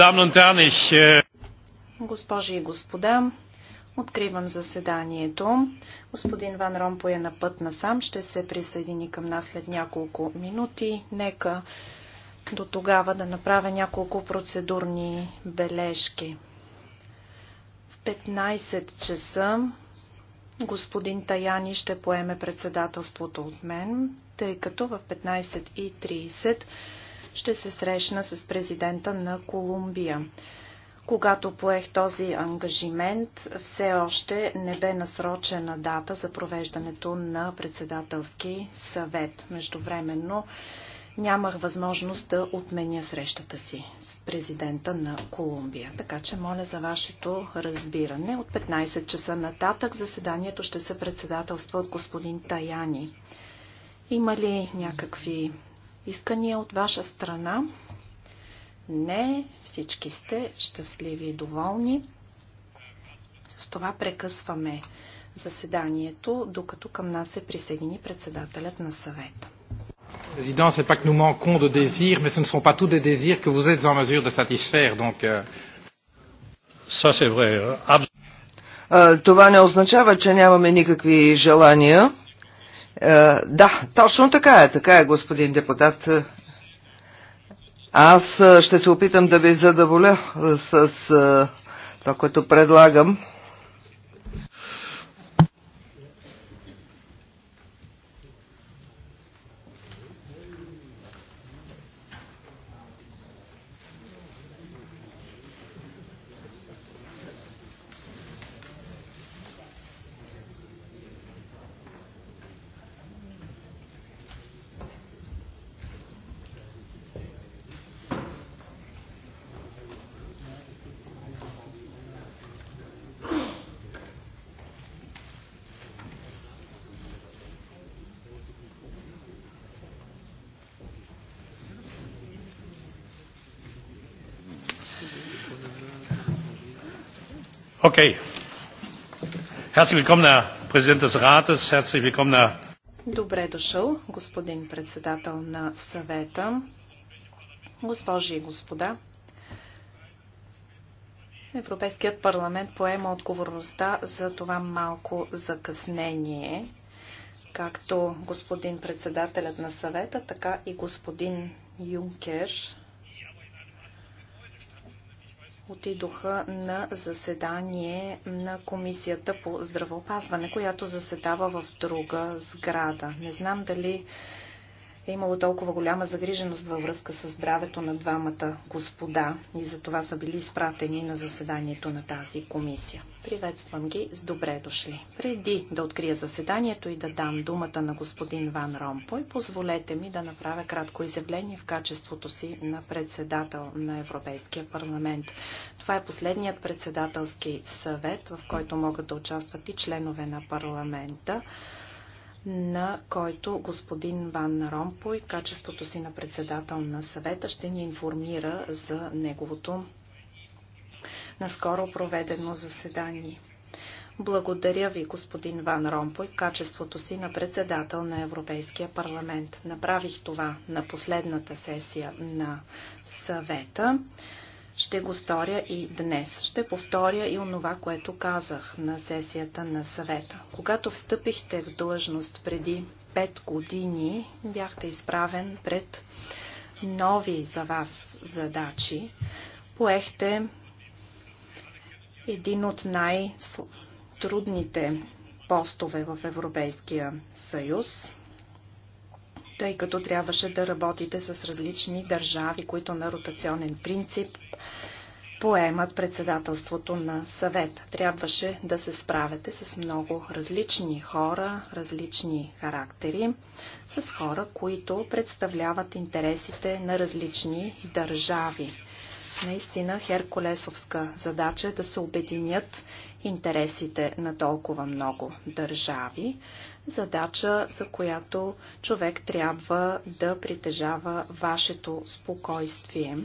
Äh, Госпожи и господа, откривам заседанието. Господин Ван Ромпо е на път насам. Ще се присъедини към нас след няколко минути. Нека до тогава да направя няколко процедурни бележки. В 15 часа господин Таяни ще поеме председателството от мен, тъй като в 15.30 ще се срещна с президента на Колумбия. Когато поех този ангажимент, все още не бе насрочена дата за провеждането на председателски съвет. Междувременно нямах възможност да отменя срещата си с президента на Колумбия. Така че моля за вашето разбиране. От 15 часа нататък заседанието ще се председателства от господин Таяни. Има ли някакви Искания от ваша страна? Не, всички сте щастливи и доволни. С това прекъсваме заседанието, докато към нас се присъедини председателят на съвета. Президент, c'est pas que nous manquons de désirs, mais ce ne sont pas tous des désirs que vous êtes en mesure de satisfaire. Donc, euh, Ça, c'est vrai. Euh, това не означава, че нямаме никакви желания. Е, да, точно така е, така е, господин депутат. Аз е, ще се опитам да ви задоволя е, с това, което предлагам. Okay. Herzlich willkommen, Herr Präsident des Rates. Herzlich willkommen, Herr. Добре дошъл, господин председател на съвета. Госпожи и господа, Европейският парламент поема отговорността за това малко закъснение. Както господин председателят на съвета, така и господин Юнкер отидоха на заседание на Комисията по здравеопазване, която заседава в друга сграда. Не знам дали е имало толкова голяма загриженост във връзка с здравето на двамата господа и за това са били изпратени на заседанието на тази комисия. Приветствам ги с добре дошли. Преди да открия заседанието и да дам думата на господин Ван Ромпой, позволете ми да направя кратко изявление в качеството си на председател на Европейския парламент. Това е последният председателски съвет, в който могат да участват и членове на парламента на който господин Ван Ромпой, качеството си на председател на съвета, ще ни информира за неговото наскоро проведено заседание. Благодаря ви, господин Ван Ромпой, в качеството си на председател на Европейския парламент. Направих това на последната сесия на съвета. Ще го сторя и днес. Ще повторя и онова, което казах на сесията на съвета. Когато встъпихте в длъжност преди 5 години, бяхте изправен пред нови за вас задачи. Поехте един от най-трудните постове в Европейския съюз тъй като трябваше да работите с различни държави, които на ротационен принцип поемат председателството на съвет. Трябваше да се справяте с много различни хора, различни характери, с хора, които представляват интересите на различни държави. Наистина Херкулесовска задача е да се обединят интересите на толкова много държави. Задача, за която човек трябва да притежава вашето спокойствие.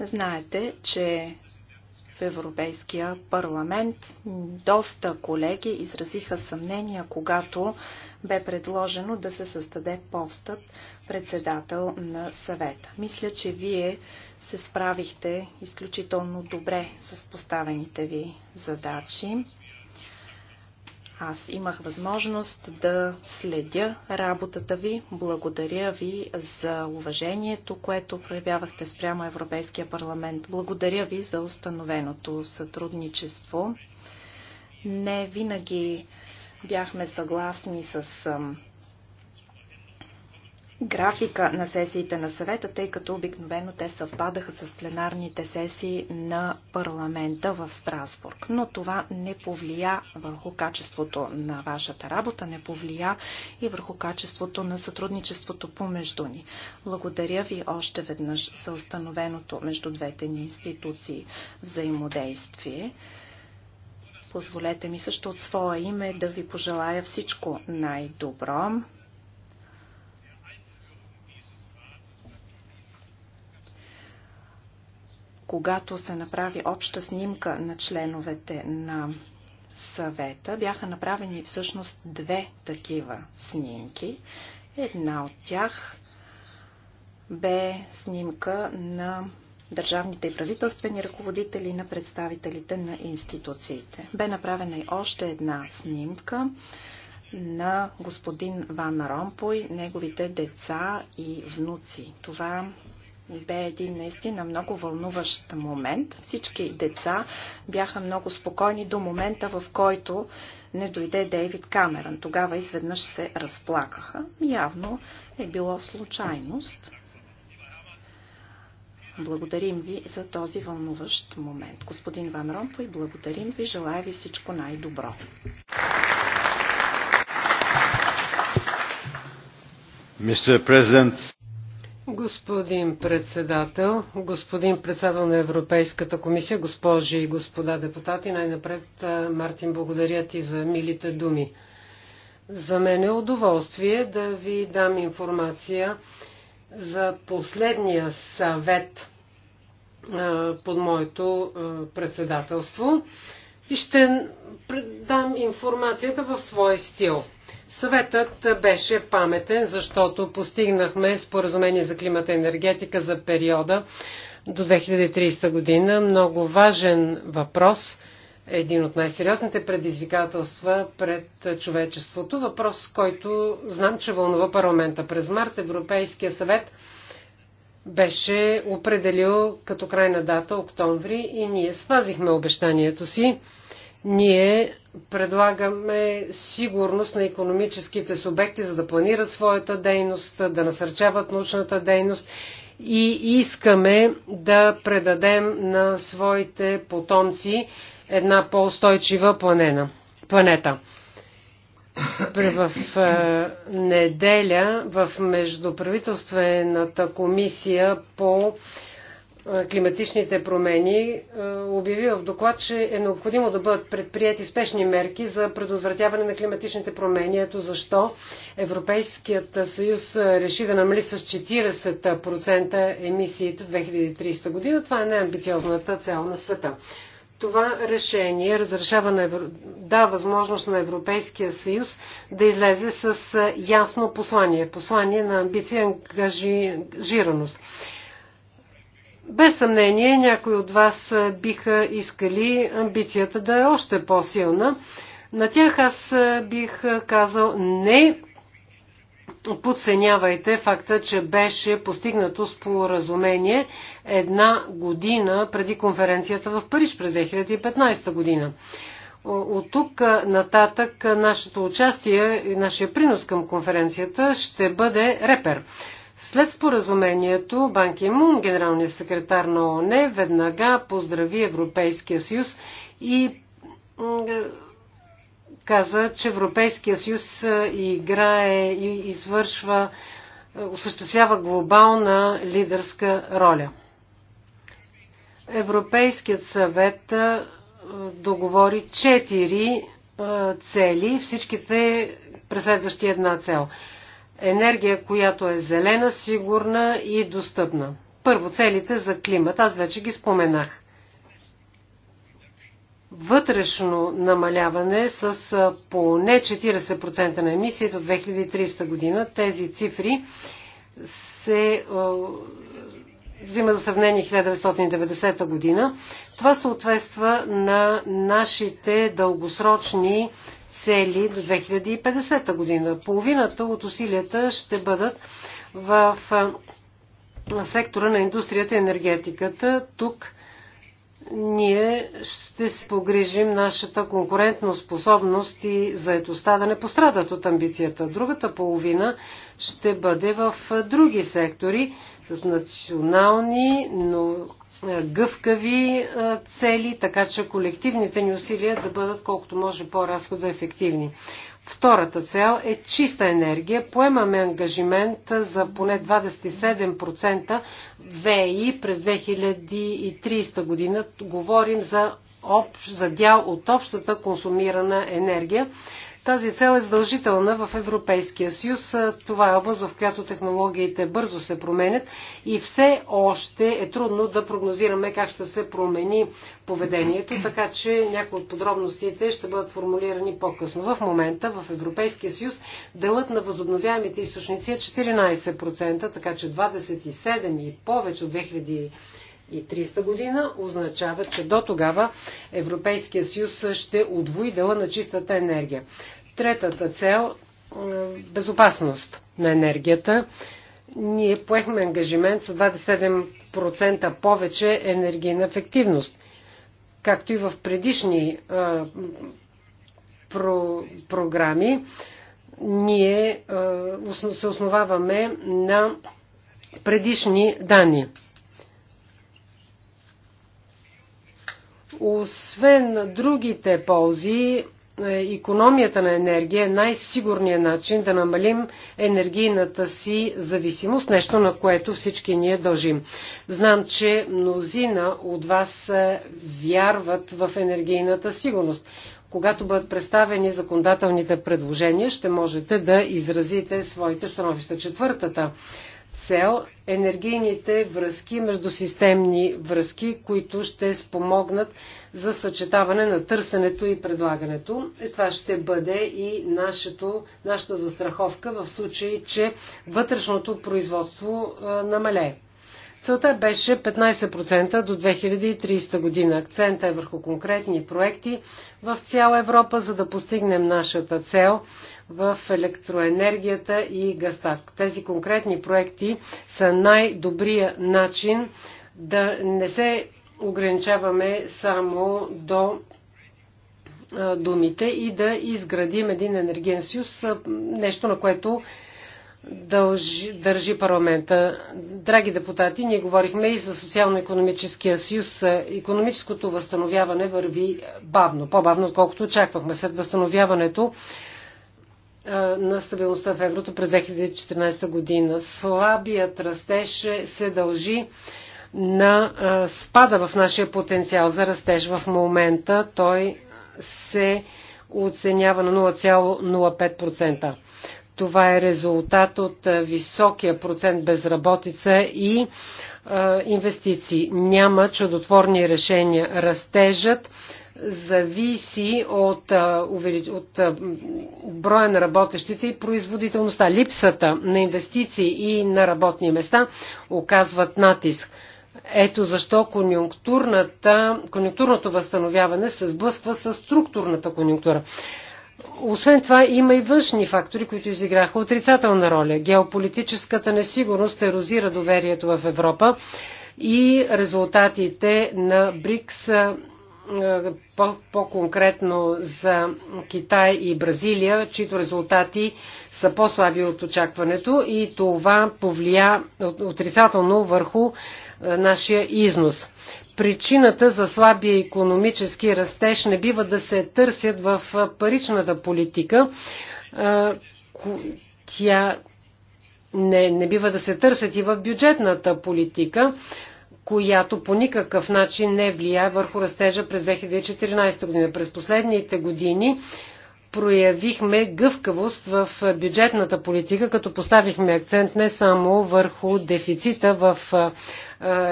Знаете, че в Европейския парламент доста колеги изразиха съмнения, когато бе предложено да се създаде постът председател на съвета. Мисля, че вие се справихте изключително добре с поставените ви задачи. Аз имах възможност да следя работата ви. Благодаря ви за уважението, което проявявахте спрямо Европейския парламент. Благодаря ви за установеното сътрудничество. Не винаги Бяхме съгласни с графика на сесиите на съвета, тъй като обикновено те съвпадаха с пленарните сесии на парламента в Страсбург. Но това не повлия върху качеството на вашата работа, не повлия и върху качеството на сътрудничеството помежду ни. Благодаря ви още веднъж за установеното между двете ни институции взаимодействие. Позволете ми също от свое име да ви пожелая всичко най-добро. Когато се направи обща снимка на членовете на съвета, бяха направени всъщност две такива снимки. Една от тях бе снимка на държавните и правителствени ръководители на представителите на институциите. Бе направена и още една снимка на господин Ван Ромпой, неговите деца и внуци. Това бе един наистина много вълнуващ момент. Всички деца бяха много спокойни до момента, в който не дойде Дейвид Камерън. Тогава изведнъж се разплакаха. Явно е било случайност. Благодарим ви за този вълнуващ момент. Господин Ван Ромпой, благодарим ви, желая ви всичко най-добро. Господин председател, господин председател на Европейската комисия, госпожи и господа депутати, най-напред, Мартин, благодаря ти за милите думи. За мен е удоволствие да ви дам информация за последния съвет под моето председателство и ще предам информацията в свой стил. Съветът беше паметен, защото постигнахме споразумение за климата и енергетика за периода до 2030 година. Много важен въпрос – един от най-сериозните предизвикателства пред човечеството. Въпрос, който знам, че вълнува парламента. През март Европейския съвет беше определил като крайна дата октомври и ние спазихме обещанието си. Ние предлагаме сигурност на економическите субекти, за да планират своята дейност, да насърчават научната дейност и искаме да предадем на своите потомци една по-устойчива планета. В е, неделя в Междуправителствената комисия по е, климатичните промени е, обяви в доклад, че е необходимо да бъдат предприяти спешни мерки за предотвратяване на климатичните промени. Ето защо Европейският съюз реши да намали с 40% емисиите в 2030 година. Това е най-амбициозната цел на света. Това решение разрешава на Евро... да възможност на Европейския съюз да излезе с ясно послание, послание на амбиция и ангажираност. Без съмнение, някои от вас биха искали амбицията да е още по-силна. На тях аз бих казал не подценявайте факта, че беше постигнато споразумение една година преди конференцията в Париж през 2015 година. От тук нататък нашето участие и нашия принос към конференцията ще бъде репер. След споразумението Бан Мун, генералният секретар на ОНЕ, веднага поздрави Европейския съюз и каза, че Европейския съюз играе и извършва, осъществява глобална лидерска роля. Европейският съвет договори четири цели, всичките преследващи една цел. Енергия, която е зелена, сигурна и достъпна. Първо, целите за климат. Аз вече ги споменах вътрешно намаляване с поне 40% на емисиите от 2030 година. Тези цифри се взима за сравнение 1990 година. Това съответства на нашите дългосрочни цели до 2050 година. Половината от усилията ще бъдат в сектора на индустрията и енергетиката. Тук ние ще се погрижим нашата конкурентно способност и заедостта да не пострадат от амбицията. Другата половина ще бъде в други сектори с национални, но е, гъвкави е, цели, така че колективните ни усилия да бъдат колкото може по-разходоефективни. Втората цел е чиста енергия. Поемаме ангажимент за поне 27% ВИ през 2030 година. Говорим за, общ, за дял от общата консумирана енергия тази цел е задължителна в Европейския съюз. Това е област, в която технологиите бързо се променят и все още е трудно да прогнозираме как ще се промени поведението, така че някои от подробностите ще бъдат формулирани по-късно. В момента в Европейския съюз делът на възобновяемите източници е 14%, така че 27 и повече от 2000 и 300 година означава, че до тогава Европейския съюз ще удвои дела на чистата енергия. Третата цел – е, безопасност на енергията. Ние поехме ангажимент с 27% повече енергийна ефективност. Както и в предишни а, е, про, програми, ние а, е, се основаваме на предишни данни. Освен другите ползи, економията на енергия е най-сигурният начин да намалим енергийната си зависимост, нещо на което всички ние дължим. Знам, че мнозина от вас е, вярват в енергийната сигурност. Когато бъдат представени законодателните предложения, ще можете да изразите своите становища. Четвъртата цел енергийните връзки, междусистемни връзки, които ще спомогнат за съчетаване на търсенето и предлагането. И е, това ще бъде и нашето, нашата застраховка в случай, че вътрешното производство намалее. Целта беше 15% до 2030 година. Акцента е върху конкретни проекти в цяла Европа, за да постигнем нашата цел в електроенергията и газта. Тези конкретни проекти са най-добрия начин да не се ограничаваме само до думите и да изградим един енергиен съюз, нещо на което дължи, държи парламента. Драги депутати, ние говорихме и за социално-економическия съюз. Економическото възстановяване върви бавно, по-бавно, отколкото очаквахме. След възстановяването на стабилността в еврото през 2014 година. Слабият растеж е, се дължи на спада в нашия потенциал за растеж в момента. Той се оценява на 0,05%. Това е резултат от високия процент безработица и инвестиции. Няма чудотворни решения. Растежът зависи от, от броя на работещите и производителността. Липсата на инвестиции и на работни места оказват натиск. Ето защо конюнктурното възстановяване се сблъсква с структурната конюнктура. Освен това има и външни фактори, които изиграха отрицателна роля. Геополитическата несигурност ерозира доверието в Европа и резултатите на БРИКС по-конкретно за Китай и Бразилия, чието резултати са по-слаби от очакването и това повлия отрицателно върху е, нашия износ. Причината за слабия економически растеж не бива да се търсят в е, паричната политика. Е, тя не, не бива да се търсят и в бюджетната политика която по никакъв начин не влияе върху растежа през 2014 година. През последните години проявихме гъвкавост в бюджетната политика, като поставихме акцент не само върху дефицита в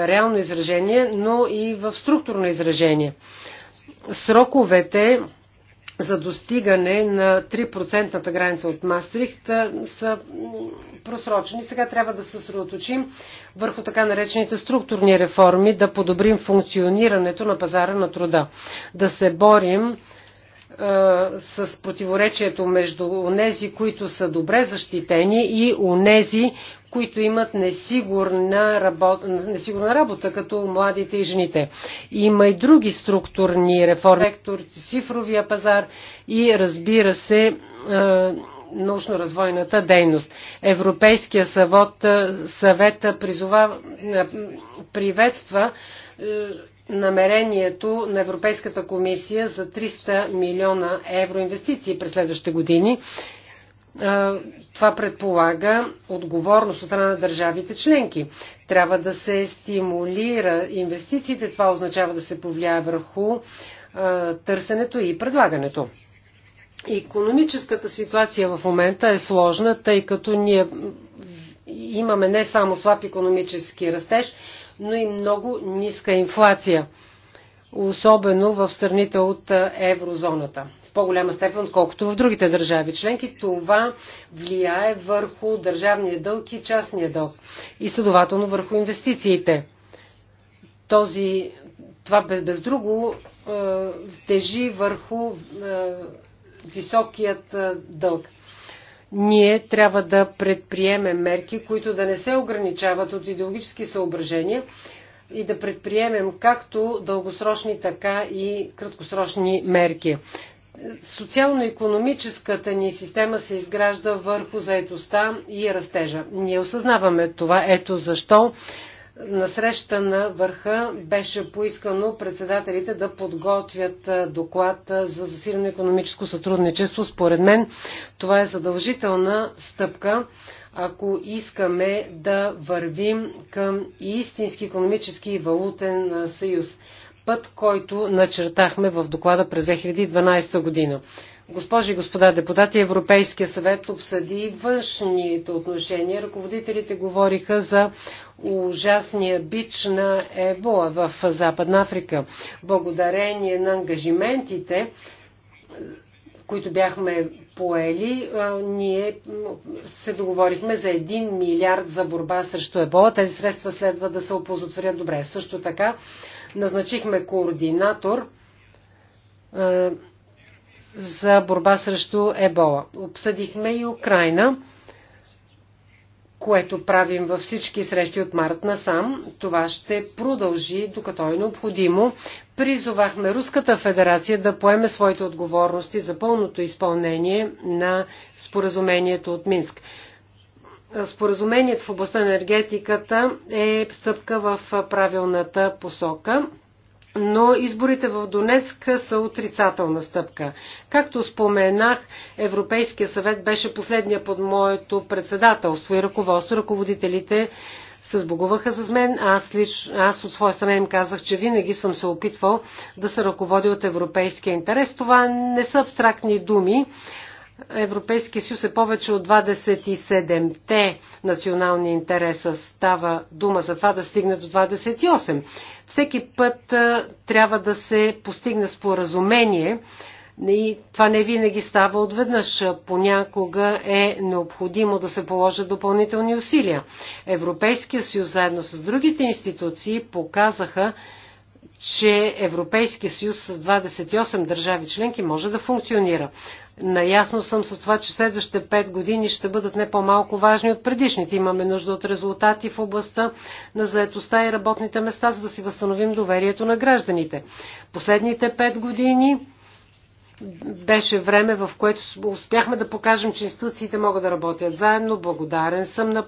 реално изражение, но и в структурно изражение. Сроковете за достигане на 3% граница от Мастрихт са просрочени. Сега трябва да се съсредоточим върху така наречените структурни реформи, да подобрим функционирането на пазара на труда, да се борим е, с противоречието между онези, които са добре защитени и онези, които имат несигурна, работа, несигурна работа, като младите и жените. Има и други структурни реформи, сектор, цифровия пазар и разбира се научно-развойната дейност. Европейския съвет, съвет призова, приветства намерението на Европейската комисия за 300 милиона евро инвестиции през следващите години е, това предполага отговорност от страна на държавите членки. Трябва да се стимулира инвестициите. Това означава да се повлияе върху е, търсенето и предлагането. Економическата ситуация в момента е сложна, тъй като ние имаме не само слаб економически растеж, но и много ниска инфлация, особено в страните от е, еврозоната в по-голяма степен, отколкото в другите държави членки. Това влияе върху държавния дълг и частния дълг и следователно върху инвестициите. Този, това без, без друго е, тежи върху е, високият е, дълг ние трябва да предприемем мерки, които да не се ограничават от идеологически съображения и да предприемем както дългосрочни, така и краткосрочни мерки социално-економическата ни система се изгражда върху заедостта и растежа. Ние осъзнаваме това. Ето защо на среща на върха беше поискано председателите да подготвят доклад за засилено економическо сътрудничество. Според мен това е задължителна стъпка, ако искаме да вървим към истински економически и валутен съюз път, който начертахме в доклада през 2012 година. Госпожи и господа депутати, Европейския съвет обсъди външните отношения. Ръководителите говориха за ужасния бич на Ебола в Западна Африка. Благодарение на ангажиментите, които бяхме поели, ние се договорихме за 1 милиард за борба срещу Ебола. Тези средства следва да се оползотворят добре. Също така назначихме координатор за борба срещу ебола. Обсъдихме и Украина, което правим във всички срещи от март насам. Това ще продължи, докато е необходимо. Призовахме Руската федерация да поеме своите отговорности за пълното изпълнение на споразумението от Минск споразумението в областта на енергетиката е стъпка в правилната посока, но изборите в Донецк са отрицателна стъпка. Както споменах, Европейския съвет беше последния под моето председателство и ръководство. Ръководителите се сбогуваха с мен. Аз, лич, аз от своя страна им казах, че винаги съм се опитвал да се ръководя от европейския интерес. Това не са абстрактни думи. Европейския съюз е повече от 27-те национални интереса. Става дума за това да стигне до 28. Всеки път трябва да се постигне споразумение и това не винаги става отведнъж. Понякога е необходимо да се положат допълнителни усилия. Европейския съюз заедно с другите институции показаха, че Европейския съюз с 28 държави членки може да функционира. Наясно съм с това, че следващите 5 години ще бъдат не по-малко важни от предишните. Имаме нужда от резултати в областта на заетостта и работните места, за да си възстановим доверието на гражданите. Последните 5 години беше време, в което успяхме да покажем, че институциите могат да работят заедно. Благодарен съм на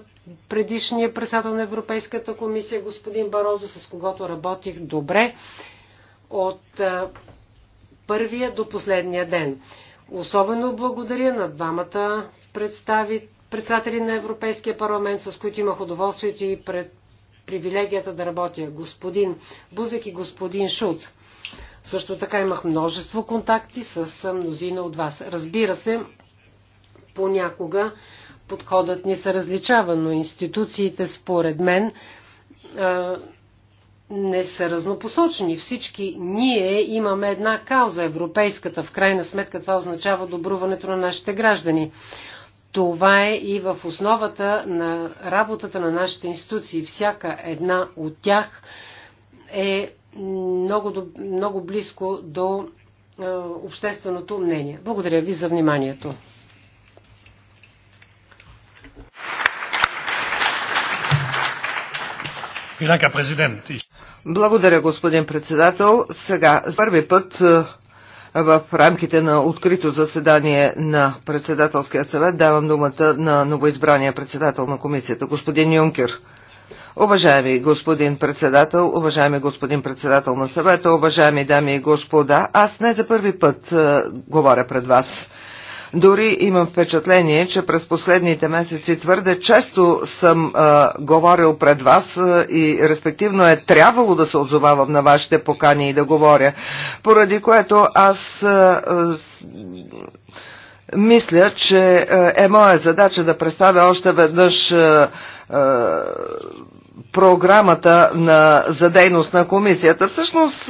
предишния председател на Европейската комисия, господин Барозо, с когото работих добре от първия до последния ден. Особено благодаря на двамата представи, председатели на Европейския парламент, с които имах удоволствието и пред привилегията да работя, господин Бузек и господин Шуц. Също така имах множество контакти с мнозина от вас. Разбира се, понякога подходът ни се различава, но институциите, според мен, не са разнопосочени. Всички ние имаме една кауза, европейската. В крайна сметка това означава добруването на нашите граждани. Това е и в основата на работата на нашите институции. Всяка една от тях е много, много близко до общественото мнение. Благодаря ви за вниманието. Благодаря, господин председател. Сега, за първи път е, в рамките на открито заседание на председателския съвет давам думата на новоизбрания председател на комисията, господин Юнкер. Уважаеми господин председател, уважаеми господин председател на съвета, уважаеми дами и господа, аз не за първи път е, говоря пред вас. Дори имам впечатление, че през последните месеци твърде често съм а, говорил пред вас а, и респективно е трябвало да се отзовавам на вашите покани и да говоря, поради което аз. А, а, мисля, че е моя задача да представя още веднъж а, а, програмата на, за дейност на комисията. Всъщност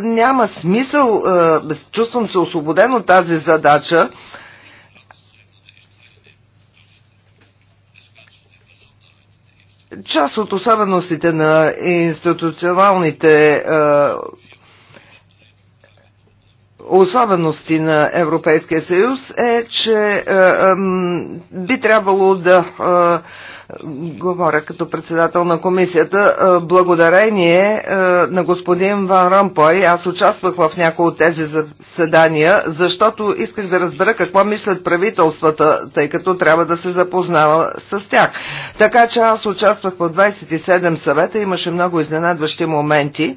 няма смисъл, чувствам се освободен от тази задача, част от особеностите на институционалните е, особености на Европейския съюз е, че е, е, би трябвало да е, Говоря като председател на комисията. Е, благодарение е, на господин Ван Рампой, аз участвах в някои от тези заседания, защото исках да разбера какво мислят правителствата, тъй като трябва да се запознава с тях. Така че аз участвах в 27 съвета, имаше много изненадващи моменти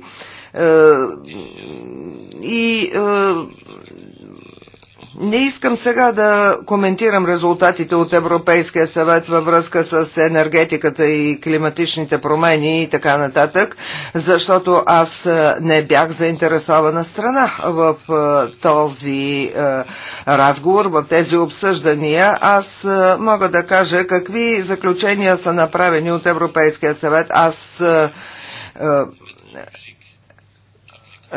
е, и не искам сега да коментирам резултатите от Европейския съвет във връзка с енергетиката и климатичните промени и така нататък, защото аз е, не бях заинтересована страна в е, този е, разговор, в тези обсъждания. Аз мога да кажа какви заключения са направени от Европейския съвет. Аз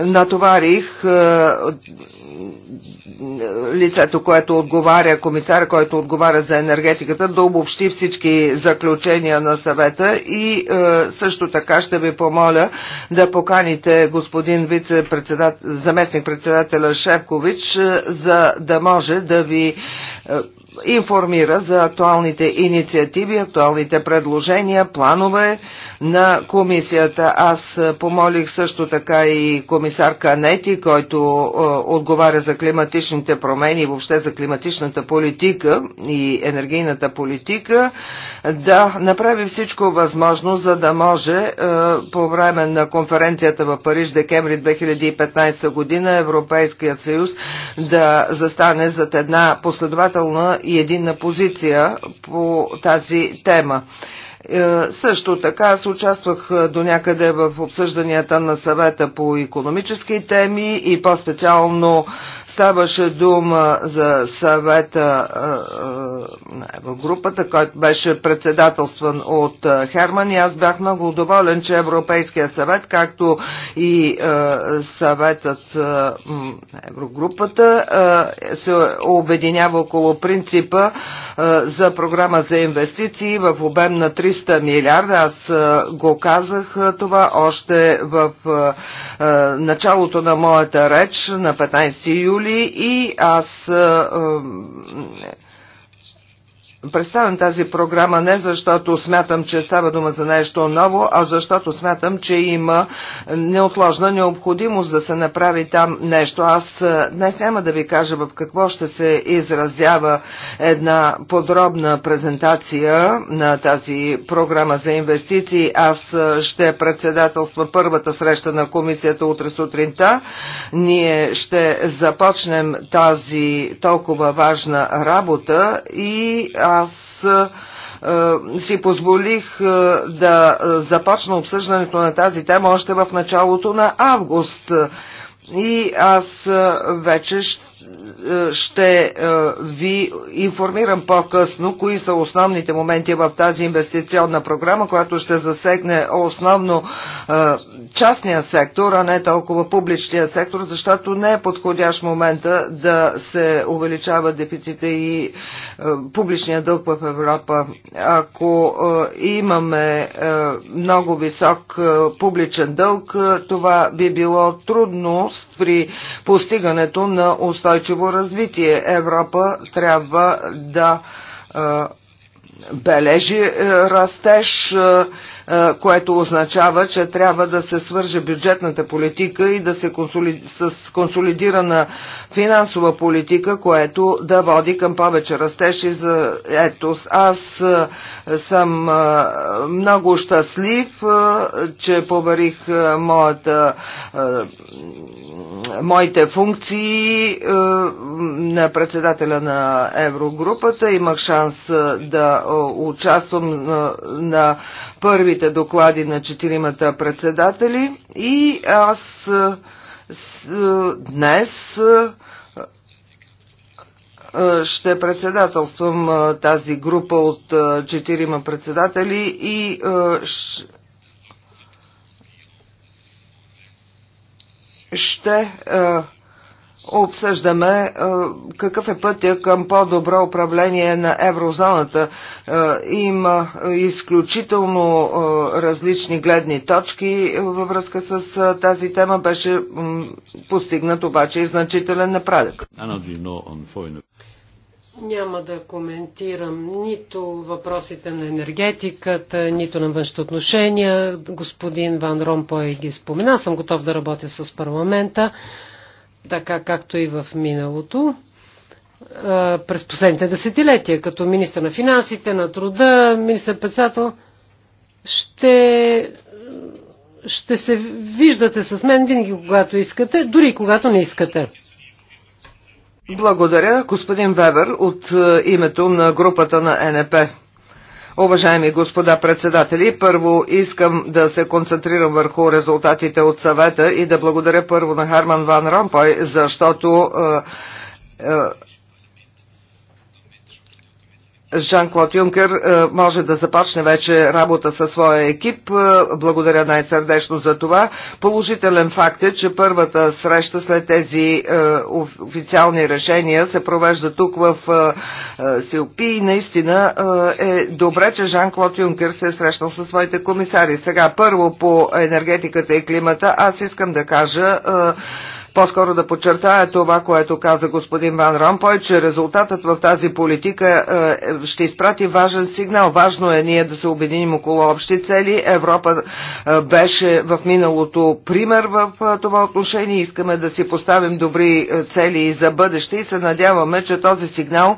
натоварих е, лицето, което отговаря, комисар, който отговаря за енергетиката, да обобщи всички заключения на съвета и е, също така ще ви помоля да поканите господин заместник-председателя Шепкович, е, за да може да ви информира за актуалните инициативи, актуалните предложения, планове на комисията. Аз помолих също така и комисар Канети, който е, отговаря за климатичните промени и въобще за климатичната политика и енергийната политика, да направи всичко възможно, за да може е, по време на конференцията в Париж декември 2015 година Европейският съюз да застане зад една последователна и единна позиция по тази тема. Е, също така аз участвах е, до някъде в обсъжданията на съвета по економически теми и по-специално Ставаше дума за съвета Еврогрупата, който беше председателстван от Херман и аз бях много доволен, че Европейския съвет, както и съветът на Еврогрупата се обединява около принципа за програма за инвестиции в обем на 300 милиарда. Аз го казах това още в началото на моята реч на 15 юли позволи и аз представям тази програма не защото смятам, че става дума за нещо ново, а защото смятам, че има неотложна необходимост да се направи там нещо. Аз е, днес няма да ви кажа в какво ще се изразява една подробна презентация на тази програма за инвестиции. Аз е, ще председателства първата среща на комисията утре сутринта. Ние ще започнем тази толкова важна работа и а, аз е, си позволих е, да започна обсъждането на тази тема още в началото на август. И аз е, вече ще ще е, ви информирам по-късно кои са основните моменти в тази инвестиционна програма, която ще засегне основно е, частния сектор, а не толкова публичния сектор, защото не е подходящ момента да се увеличава дефицита и е, публичния дълг в Европа. Ако имаме много висок публичен дълг, това би било трудност при постигането на устойчивост устойчиво развитие. Европа трябва да бележи растеж, е, което означава, че трябва да се свърже бюджетната политика и да се консоли... с консолидирана финансова политика, което да води към повече растеж и за етос. Аз е, съм е, много щастлив, че поварих моята, моите функции на председателя на Еврогрупата. Имах шанс да участвам на първи първите доклади на четиримата председатели и аз днес ще председателствам тази група от четирима председатели и ще обсъждаме е, какъв е пътя към по-добро управление на еврозоната. Е, има изключително е, различни гледни точки във връзка с тази тема. Беше постигнат обаче и значителен напредък. Няма да коментирам нито въпросите на енергетиката, нито на външните отношения. Господин Ван Ромпой ги спомена. Съм готов да работя с парламента така както и в миналото, през последните десетилетия, като министър на финансите, на труда, министър-председател, ще, ще се виждате с мен винаги, когато искате, дори когато не искате. Благодаря, господин Вебер, от е, името на групата на НП. Уважаеми господа председатели, първо искам да се концентрирам върху резултатите от съвета и да благодаря първо на Харман Ван Ромпой, защото е, е, Жан-Клод Юнкер е, може да започне вече работа със своя екип. Е, благодаря най-сърдечно за това. Положителен факт е, че първата среща след тези е, официални решения се провежда тук в Силпи и наистина е добре, че Жан-Клод Юнкер се е срещнал със своите комисари. Сега първо по енергетиката и климата аз искам да кажа по-скоро да подчертая това, което каза господин Ван Ромпой, че резултатът в тази политика е, ще изпрати важен сигнал. Важно е ние да се обединим около общи цели. Европа е, беше в миналото пример в е, това отношение. Искаме да си поставим добри е, цели и за бъдеще и се надяваме, че този сигнал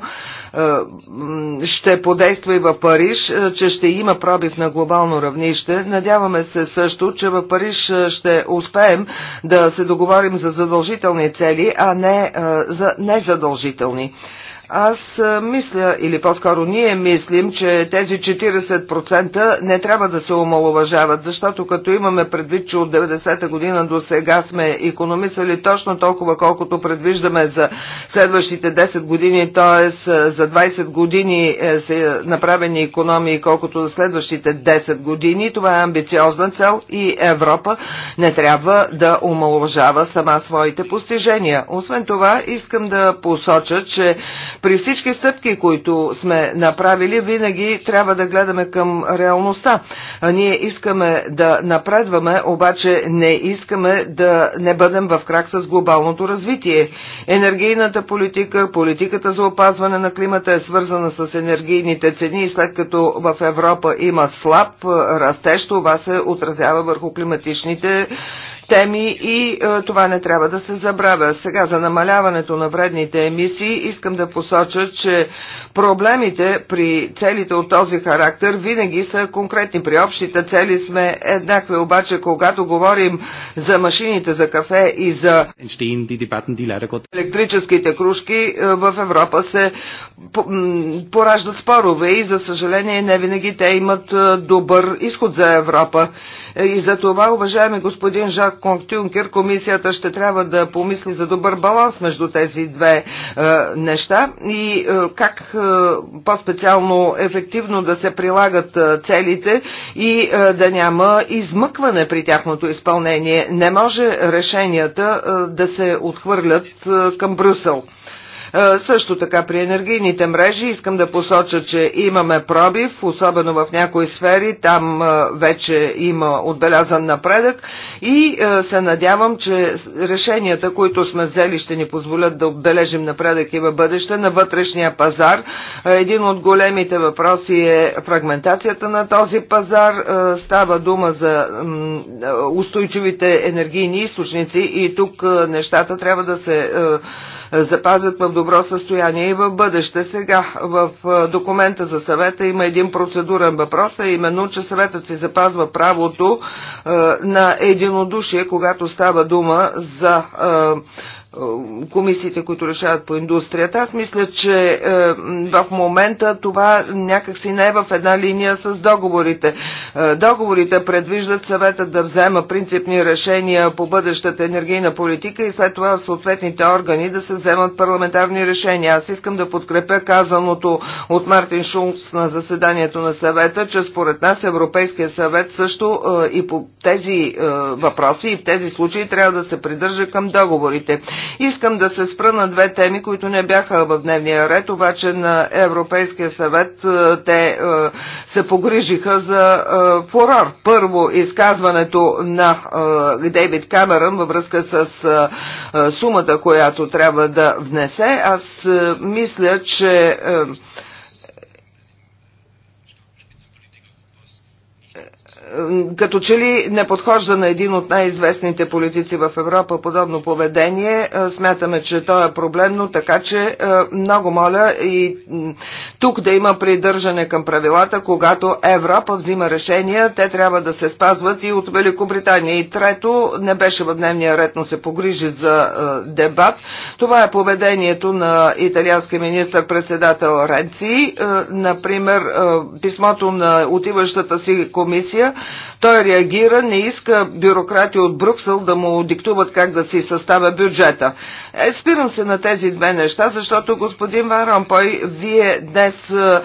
е, ще подейства и в Париж, е, че ще има пробив на глобално равнище. Надяваме се също, че в Париж е, ще успеем да се договорим за задължителни цели, а не за незадължителни. Аз мисля, или по-скоро ние мислим, че тези 40% не трябва да се омалуважават, защото като имаме предвид, че от 90-та година до сега сме економисали точно толкова, колкото предвиждаме за следващите 10 години, т.е. за 20 години е, са направени економии, колкото за следващите 10 години. Това е амбициозна цел и Европа не трябва да омалуважава сама своите постижения. Освен това, искам да посоча, че при всички стъпки, които сме направили, винаги трябва да гледаме към реалността. А ние искаме да напредваме, обаче не искаме да не бъдем в крак с глобалното развитие. Енергийната политика, политиката за опазване на климата е свързана с енергийните цени и след като в Европа има слаб растеж, това се отразява върху климатичните теми и е, това не трябва да се забравя. Сега за намаляването на вредните емисии искам да посоча, че проблемите при целите от този характер винаги са конкретни. При общите цели сме еднакви, обаче когато говорим за машините за кафе и за електрическите кружки, е, в Европа се пораждат спорове и за съжаление не винаги те имат е, добър изход за Европа. Е, и за това, уважаеми господин Жак Жак Тюнкер, комисията ще трябва да помисли за добър баланс между тези две е, неща и е, как е, по-специално ефективно да се прилагат е, целите и е, да няма измъкване при тяхното изпълнение. Не може решенията е, да се отхвърлят е, към Брюсел. Също така при енергийните мрежи искам да посоча, че имаме пробив, особено в някои сфери, там вече има отбелязан напредък и се надявам, че решенията, които сме взели, ще ни позволят да отбележим напредък и във бъдеще на вътрешния пазар. Един от големите въпроси е фрагментацията на този пазар. Става дума за устойчивите енергийни източници и тук нещата трябва да се запазят в добро състояние и в бъдеще. Сега в документа за съвета има един процедурен въпрос, а именно, че съветът си запазва правото на единодушие, когато става дума за е, комисиите, които решават по индустрията. Аз мисля, че е, в момента това някакси не е в една линия с договорите. Е, договорите предвиждат съвета да взема принципни решения по бъдещата енергийна политика и след това в съответните органи да се вземат парламентарни решения. Аз искам да подкрепя казаното от Мартин Шулц на заседанието на съвета, че според нас Европейския съвет също и по тези въпроси и в тези случаи трябва да се придържа към договорите. Искам да се спра на две теми, които не бяха в дневния ред, обаче на Европейския съвет те се погрижиха за фурор. Първо, изказването на Дейвид Камерън във връзка с сумата, която трябва да внесе. Аз мисля, че като че ли не подхожда на един от най-известните политици в Европа подобно поведение. Е, смятаме, че то е проблемно, така че е, много моля и тук да има придържане към правилата, когато Европа взима решения, те трябва да се спазват и от Великобритания. И трето, не беше в дневния ред, но се погрижи за е, дебат. Това е поведението на италиански министр-председател Ренци. Например, писмото на отиващата си комисия той реагира, не иска бюрократи от Брюксел да му диктуват как да си съставя бюджета. Е, спирам се на тези две неща, защото господин Ван Ромпой, вие днес е,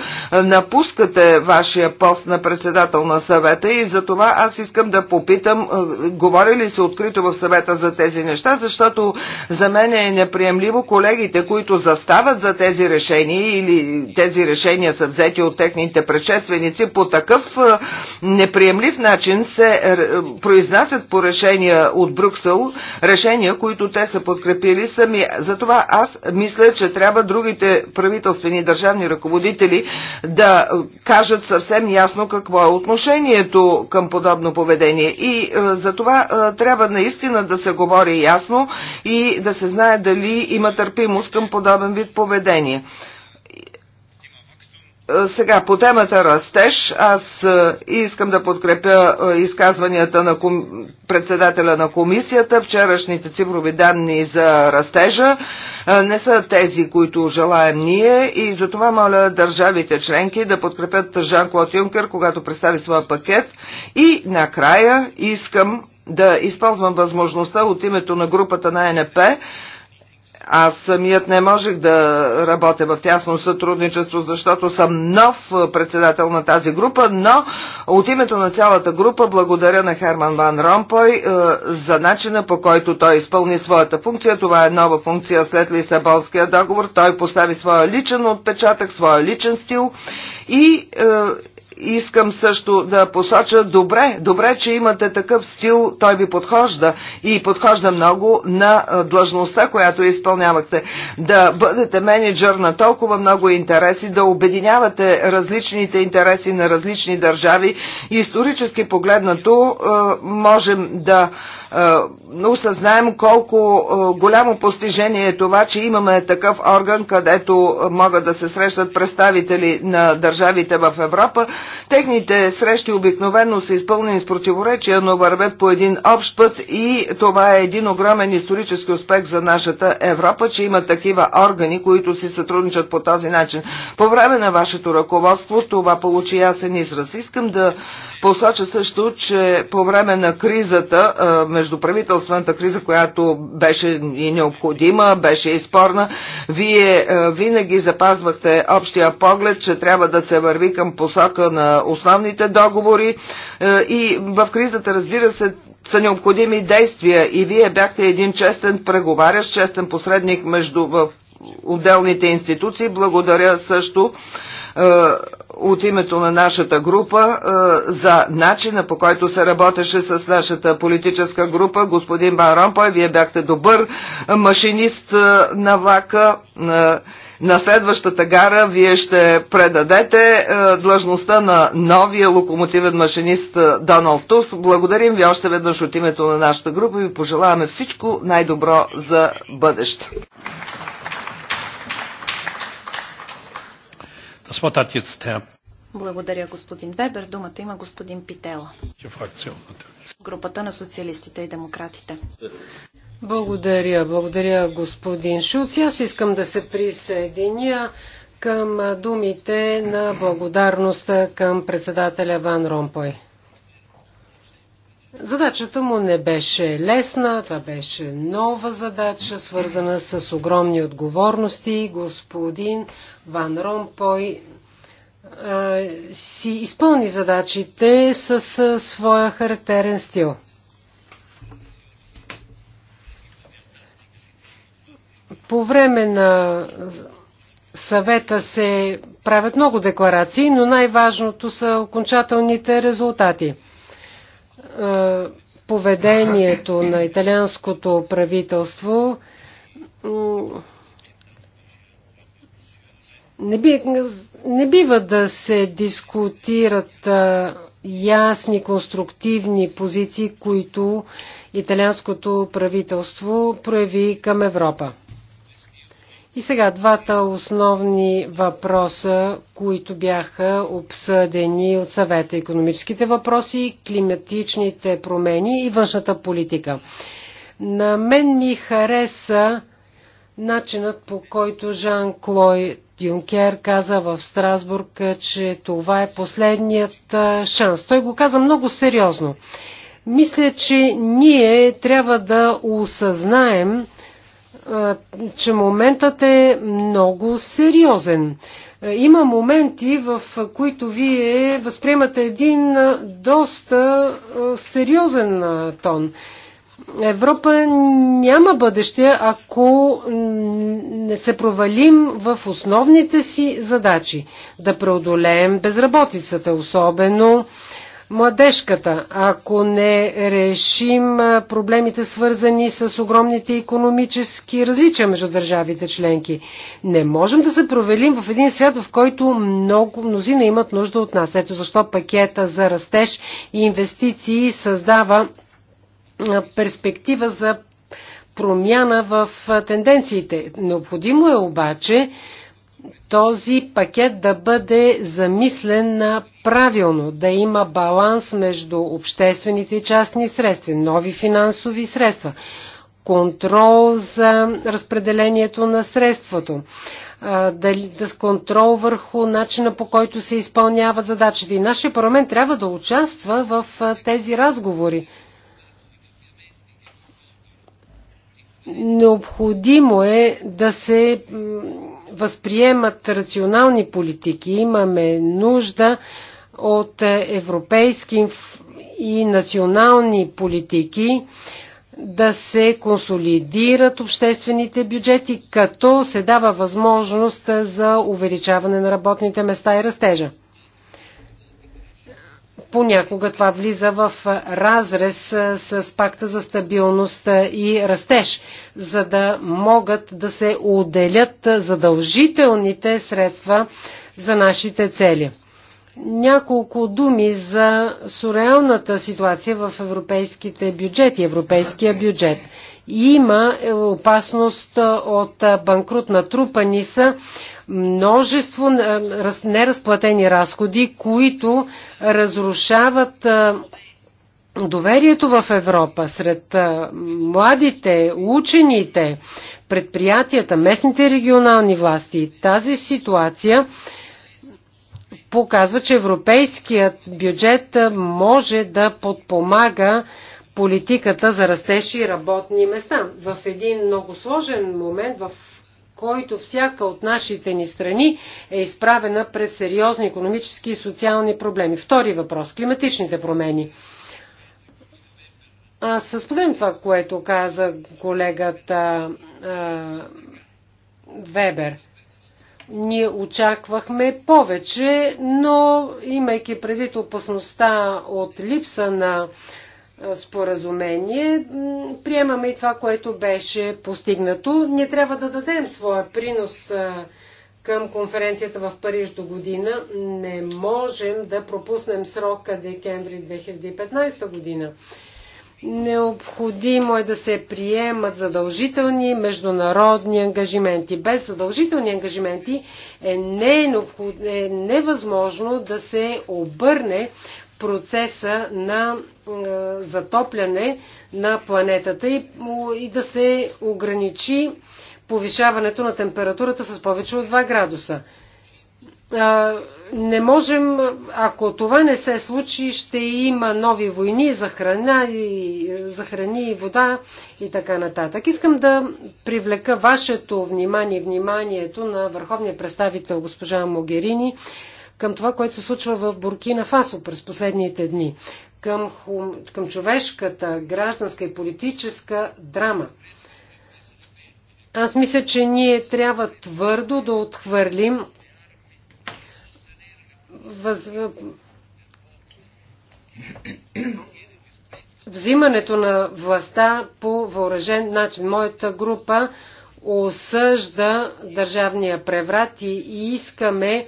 напускате вашия пост на председател на съвета и за това аз искам да попитам, е, говори ли се открито в съвета за тези неща, защото за мен е неприемливо колегите, които застават за тези решения или тези решения са взети от техните предшественици по такъв е, неприемлив срамлив начин се е, произнасят по решения от Брюксел, решения, които те са подкрепили сами. Затова аз мисля, че трябва другите правителствени държавни ръководители да кажат съвсем ясно какво е отношението към подобно поведение. И е, за това е, трябва наистина да се говори ясно и да се знае дали има търпимост към подобен вид поведение. Е, сега по темата растеж, аз е, искам да подкрепя е, изказванията на ком... председателя на комисията. Вчерашните цифрови данни за растежа не са тези, които желаем ние и затова моля държавите членки да подкрепят Жан-Клод Юнкер, когато представи своя пакет. И накрая искам да използвам възможността от името на групата на НП аз самият не можех да работя в тясно сътрудничество, защото съм нов председател на тази група, но от името на цялата група благодаря на Херман Ван Ромпой е, за начина по който той изпълни своята функция. Това е нова функция след Лисабонския договор. Той постави своя личен отпечатък, своя личен стил и е, искам също да посоча добре, добре, че имате такъв стил, той ви подхожда и подхожда много на длъжността, която изпълнявахте. Да бъдете менеджер на толкова много интереси, да обединявате различните интереси на различни държави. Исторически погледнато можем да осъзнаем колко голямо постижение е това, че имаме такъв орган, където могат да се срещат представители на държавите в Европа, Техните срещи обикновено са изпълнени с противоречия, но вървят по един общ път и това е един огромен исторически успех за нашата Европа, че има такива органи, които си сътрудничат по този начин. По време на вашето ръководство това получи ясен израз. Искам да посоча също, че по време на кризата, междуправителствената криза, която беше и необходима, беше и спорна, вие винаги запазвахте общия поглед, че трябва да се върви към посока на на основните договори е, и в кризата, разбира се, са необходими действия и вие бяхте един честен преговарящ, честен посредник между в отделните институции. Благодаря също е, от името на нашата група е, за начина по който се работеше с нашата политическа група. Господин Бан Ромпой, вие бяхте добър машинист на влака на следващата гара вие ще предадете е, длъжността на новия локомотивен машинист е, Доналд Тус. Благодарим ви още веднъж от името на нашата група и ви пожелаваме всичко най-добро за бъдеще. Благодаря, господин Вебер. Думата има господин Питела. Групата на социалистите и демократите. Благодаря, благодаря господин Шуц. Аз искам да се присъединя към думите на благодарност към председателя Ван Ромпой. Задачата му не беше лесна, това беше нова задача, свързана с огромни отговорности. Господин Ван Ромпой а, си изпълни задачите със своя характерен стил. По време на съвета се правят много декларации, но най-важното са окончателните резултати. Е, поведението на италианското правителство не, би, не бива да се дискутират е, ясни, конструктивни позиции, които италианското правителство прояви към Европа. И сега двата основни въпроса, които бяха обсъдени от съвета економическите въпроси, климатичните промени и външната политика. На мен ми хареса начинът по който Жан-Клой Юнкер каза в Страсбург, че това е последният шанс. Той го каза много сериозно. Мисля, че ние трябва да осъзнаем, че моментът е много сериозен. Има моменти, в които вие възприемате един доста сериозен тон. Европа няма бъдеще, ако не се провалим в основните си задачи. Да преодолеем безработицата, особено младежката, ако не решим проблемите свързани с огромните економически различия между държавите членки. Не можем да се провелим в един свят, в който много мнозина имат нужда от нас. Ето защо пакета за растеж и инвестиции създава перспектива за промяна в тенденциите. Необходимо е обаче този пакет да бъде замислен на правилно, да има баланс между обществените и частни средства, нови финансови средства, контрол за разпределението на средството, да да контрол върху начина по който се изпълняват задачите. И нашия парламент трябва да участва в тези разговори. Необходимо е да се възприемат рационални политики. Имаме нужда от европейски и национални политики да се консолидират обществените бюджети, като се дава възможност за увеличаване на работните места и растежа понякога това влиза в разрез с пакта за стабилност и растеж, за да могат да се отделят задължителните средства за нашите цели. Няколко думи за сурреалната ситуация в европейските бюджети, европейския бюджет. Има е, опасност от банкрут. трупани са множество е, неразплатени разходи, които разрушават е, доверието в Европа сред е, младите, учените, предприятията, местните регионални власти. Тази ситуация показва, че европейският бюджет може да подпомага политиката за растещи и работни места. В един много сложен момент, в който всяка от нашите ни страни е изправена пред сериозни економически и социални проблеми. Втори въпрос – климатичните промени. Аз споделям това, което каза колегата а, Вебер. Ние очаквахме повече, но имайки предвид опасността от липса на споразумение. Приемаме и това, което беше постигнато. Ние трябва да дадем своя принос към конференцията в Париж до година. Не можем да пропуснем срока декември 2015 година. Необходимо е да се приемат задължителни международни ангажименти. Без задължителни ангажименти е, не е, необход... е невъзможно да се обърне процеса на е, затопляне на планетата и, и да се ограничи повишаването на температурата с повече от 2 градуса. Не можем, ако това не се случи, ще има нови войни за храна и, за храни и вода и така нататък. Искам да привлека вашето внимание, вниманието на върховния представител госпожа Могерини към това, което се случва в Буркина Фасо през последните дни, към, хум, към човешката, гражданска и политическа драма. Аз мисля, че ние трябва твърдо да отхвърлим въз... взимането на властта по въоръжен начин. Моята група осъжда държавния преврат и искаме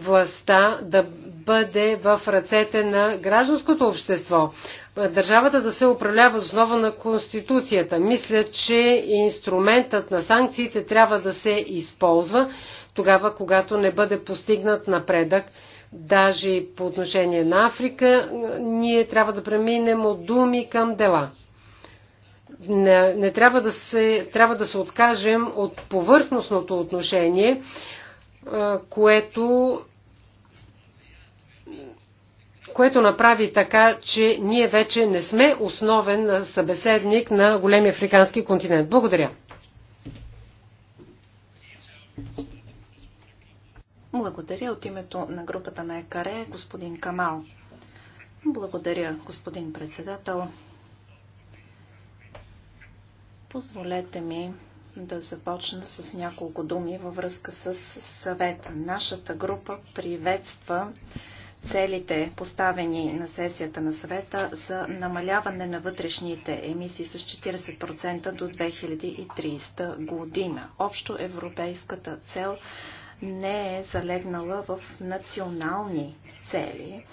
властта да бъде в ръцете на гражданското общество. Държавата да се управлява основа на Конституцията. Мисля, че инструментът на санкциите трябва да се използва тогава, когато не бъде постигнат напредък. Даже по отношение на Африка, ние трябва да преминем от думи към дела. Не, не трябва, да се, трябва да се откажем от повърхностното отношение което което направи така, че ние вече не сме основен събеседник на големия африкански континент. Благодаря. Благодаря от името на групата на ЕКАРЕ, господин Камал. Благодаря, господин председател. Позволете ми да започна с няколко думи във връзка с съвета. Нашата група приветства целите поставени на сесията на съвета за намаляване на вътрешните емисии с 40% до 2030 година. Общо европейската цел не е залегнала в национални цели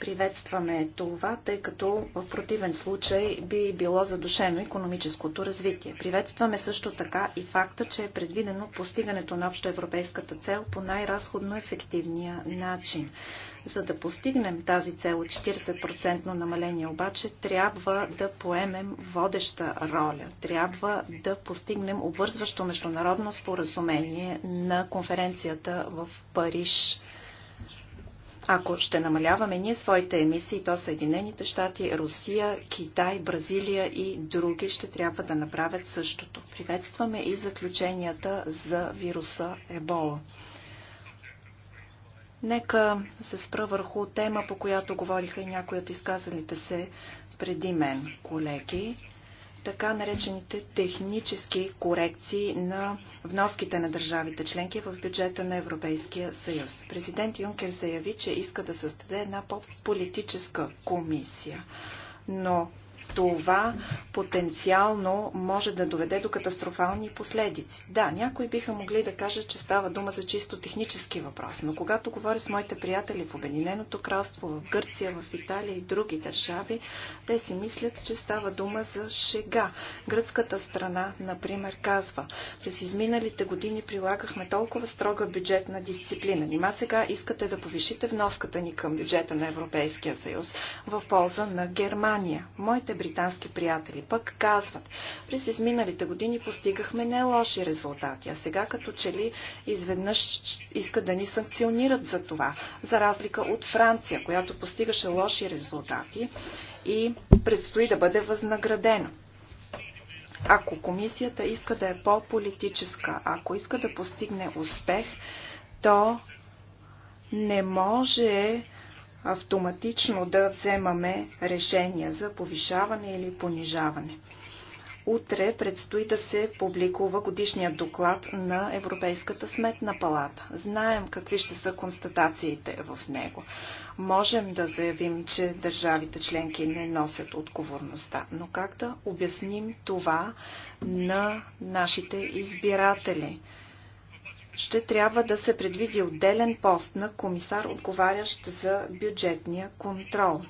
Приветстваме това, тъй като в противен случай би било задушено економическото развитие. Приветстваме също така и факта, че е предвидено постигането на общоевропейската цел по най-разходно ефективния начин. За да постигнем тази цел от 40% намаление обаче, трябва да поемем водеща роля. Трябва да постигнем обвързващо международно споразумение на конференцията в Париж – ако ще намаляваме ние своите емисии, то Съединените щати, Русия, Китай, Бразилия и други ще трябва да направят същото. Приветстваме и заключенията за вируса Ебола. Нека се спра върху тема, по която говориха и някои от изказалите се преди мен, колеги така наречените технически корекции на вноските на държавите членки в бюджета на Европейския съюз. Президент Юнкер заяви, че иска да създаде една по-политическа комисия, но това потенциално може да доведе до катастрофални последици. Да, някои биха могли да кажат, че става дума за чисто технически въпрос, но когато говоря с моите приятели в Обединеното кралство, в Гърция, в Италия и други държави, те си мислят, че става дума за шега. Гръцката страна, например, казва, през изминалите години прилагахме толкова строга бюджетна дисциплина. Нима сега искате да повишите вноската ни към бюджета на Европейския съюз в полза на Германия. Моите британски приятели пък казват, през изминалите години постигахме не лоши резултати, а сега като че ли изведнъж искат да ни санкционират за това, за разлика от Франция, която постигаше лоши резултати и предстои да бъде възнаградена. Ако комисията иска да е по-политическа, ако иска да постигне успех, то не може автоматично да вземаме решения за повишаване или понижаване. Утре предстои да се публикува годишният доклад на Европейската сметна палата. Знаем какви ще са констатациите в него. Можем да заявим, че държавите членки не носят отговорността, но как да обясним това на нашите избиратели? ще трябва да се предвиди отделен пост на комисар, отговарящ за бюджетния контрол.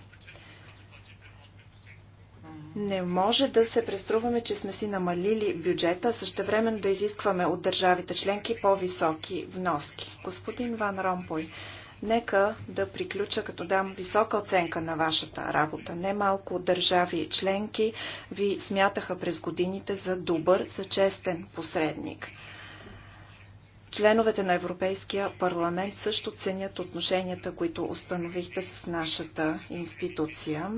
Не може да се преструваме, че сме си намалили бюджета, същевременно да изискваме от държавите членки по-високи вноски. Господин Ван Ромпой, нека да приключа като дам висока оценка на вашата работа. Немалко държави членки ви смятаха през годините за добър, за честен посредник. Членовете на Европейския парламент също ценят отношенията, които установихте с нашата институция.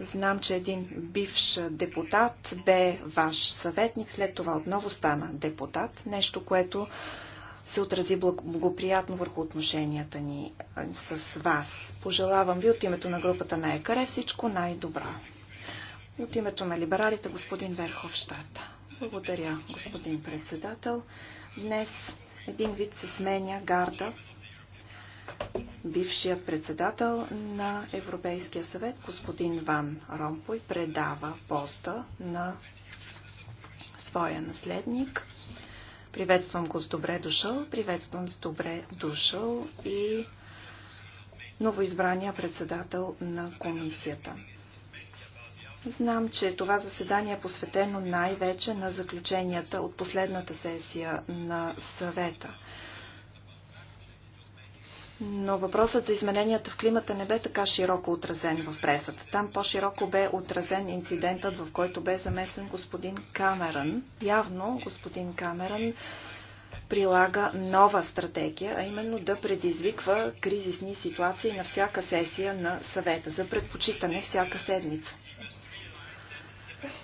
Знам, че един бивш депутат бе ваш съветник, след това отново стана депутат, нещо, което се отрази благоприятно върху отношенията ни с вас. Пожелавам ви от името на групата на ЕКАРЕ всичко най-добро. От името на либералите господин Верховщата. Благодаря, господин председател. Днес един вид се сменя гарда. Бившият председател на Европейския съвет, господин Ван Ромпой, предава поста на своя наследник. Приветствам го с добре дошъл, приветствам с добре дошъл и новоизбрания председател на комисията. Знам, че това заседание е посветено най-вече на заключенията от последната сесия на съвета. Но въпросът за измененията в климата не бе така широко отразен в пресата. Там по-широко бе отразен инцидентът, в който бе замесен господин Камерън. Явно господин Камерън прилага нова стратегия, а именно да предизвиква кризисни ситуации на всяка сесия на съвета за предпочитане всяка седмица.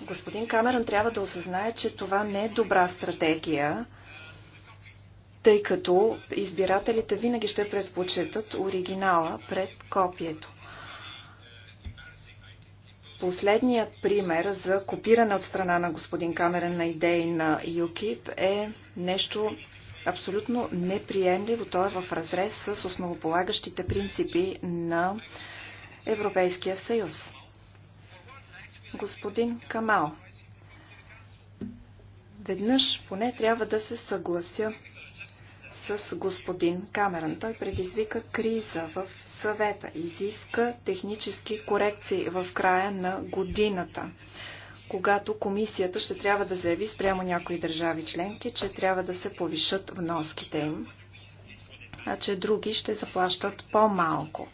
Господин Камерън трябва да осъзнае, че това не е добра стратегия, тъй като избирателите винаги ще предпочитат оригинала пред копието. Последният пример за копиране от страна на господин Камерен на идеи на ЮКИП е нещо абсолютно неприемливо. То е в разрез с основополагащите принципи на Европейския съюз господин Камал. Веднъж поне трябва да се съглася с господин Камеран. Той предизвика криза в съвета, изиска технически корекции в края на годината, когато комисията ще трябва да заяви спрямо някои държави членки, че трябва да се повишат вноските им, а че други ще заплащат по-малко.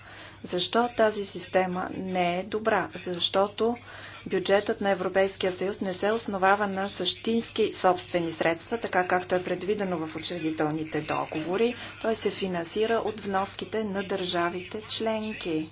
Защо тази система не е добра? Защото бюджетът на Европейския съюз не се основава на същински собствени средства, така както е предвидено в учредителните договори. Той се финансира от вноските на държавите членки.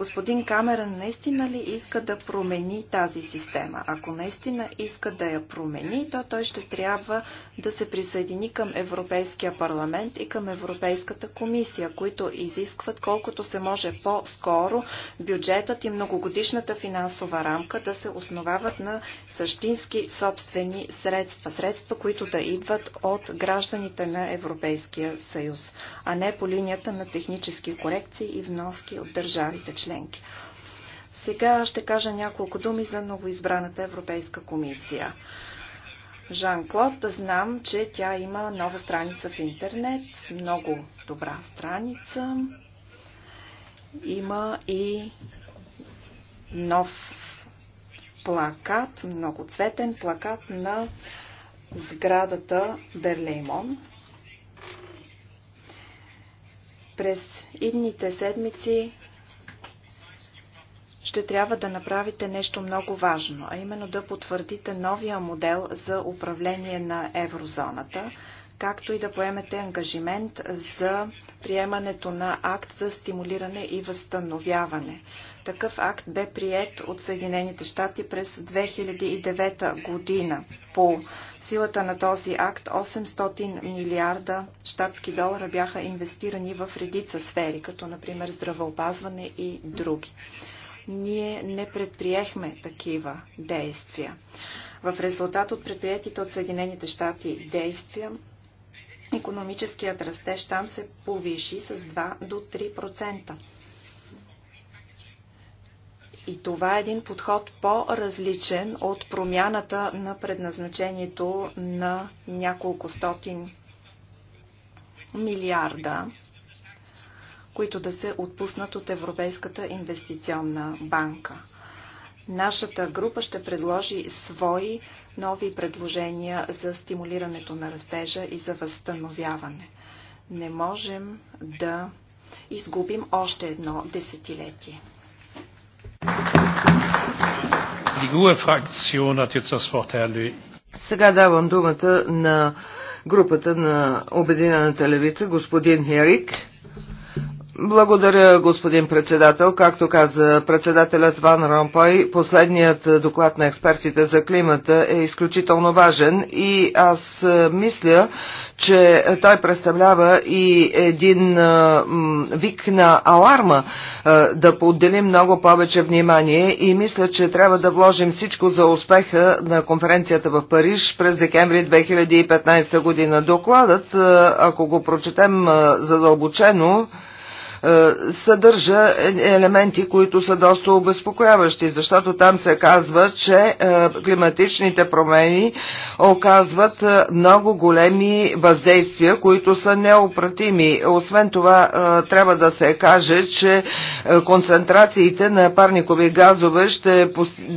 Господин Камерън наистина ли иска да промени тази система? Ако наистина иска да я промени, то той ще трябва да се присъедини към Европейския парламент и към Европейската комисия, които изискват колкото се може по-скоро бюджетът и многогодишната финансова рамка да се основават на същински собствени средства. Средства, които да идват от гражданите на Европейския съюз, а не по линията на технически корекции и вноски от държавите членки членки. Сега ще кажа няколко думи за новоизбраната Европейска комисия. Жан-Клод, знам, че тя има нова страница в интернет, много добра страница. Има и нов плакат, много цветен плакат на сградата Берлеймон. През идните седмици ще трябва да направите нещо много важно, а именно да потвърдите новия модел за управление на еврозоната, както и да поемете ангажимент за приемането на акт за стимулиране и възстановяване. Такъв акт бе прият от Съединените щати през 2009 година. По силата на този акт 800 милиарда щатски долара бяха инвестирани в редица сфери, като например здравеопазване и други ние не предприехме такива действия. В резултат от предприятите от Съединените щати действия, економическият растеж там се повиши с 2 до 3%. И това е един подход по-различен от промяната на предназначението на няколко стотин милиарда които да се отпуснат от Европейската инвестиционна банка. Нашата група ще предложи свои нови предложения за стимулирането на растежа и за възстановяване. Не можем да изгубим още едно десетилетие. Сега давам думата на групата на Обединената левица, господин Херик. Благодаря, господин председател. Както каза председателят Ван Ромпой, последният доклад на експертите за климата е изключително важен и аз е, мисля, че той представлява и един е, вик на аларма е, да поотделим много повече внимание и мисля, че трябва да вложим всичко за успеха на конференцията в Париж през декември 2015 година. Докладът, ако го прочетем задълбочено, е, съдържа елементи, които са доста обезпокояващи, защото там се казва, че е, климатичните промени оказват е, много големи въздействия, които са неопратими. Освен това, трябва да се каже, че концентрациите на парникови газове ще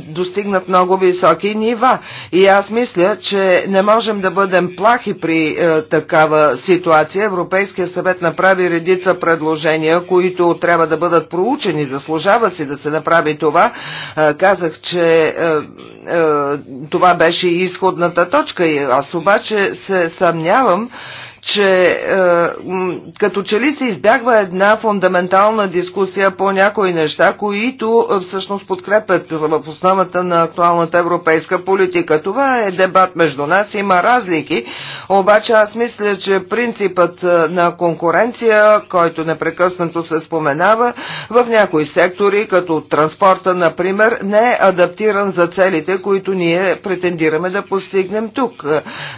достигнат много високи нива. И аз мисля, че не можем да бъдем плахи при такава ситуация. Европейския съвет направи редица предложения решения, които трябва да бъдат проучени, заслужава си да се направи това. Казах, че това беше изходната точка. Аз обаче се съмнявам, че е, като че ли се избягва една фундаментална дискусия по някои неща, които е, всъщност подкрепят в основата на актуалната европейска политика. Това е дебат между нас, има разлики, обаче аз мисля, че принципът е, на конкуренция, който непрекъснато се споменава в някои сектори, като транспорта, например, не е адаптиран за целите, които ние претендираме да постигнем тук.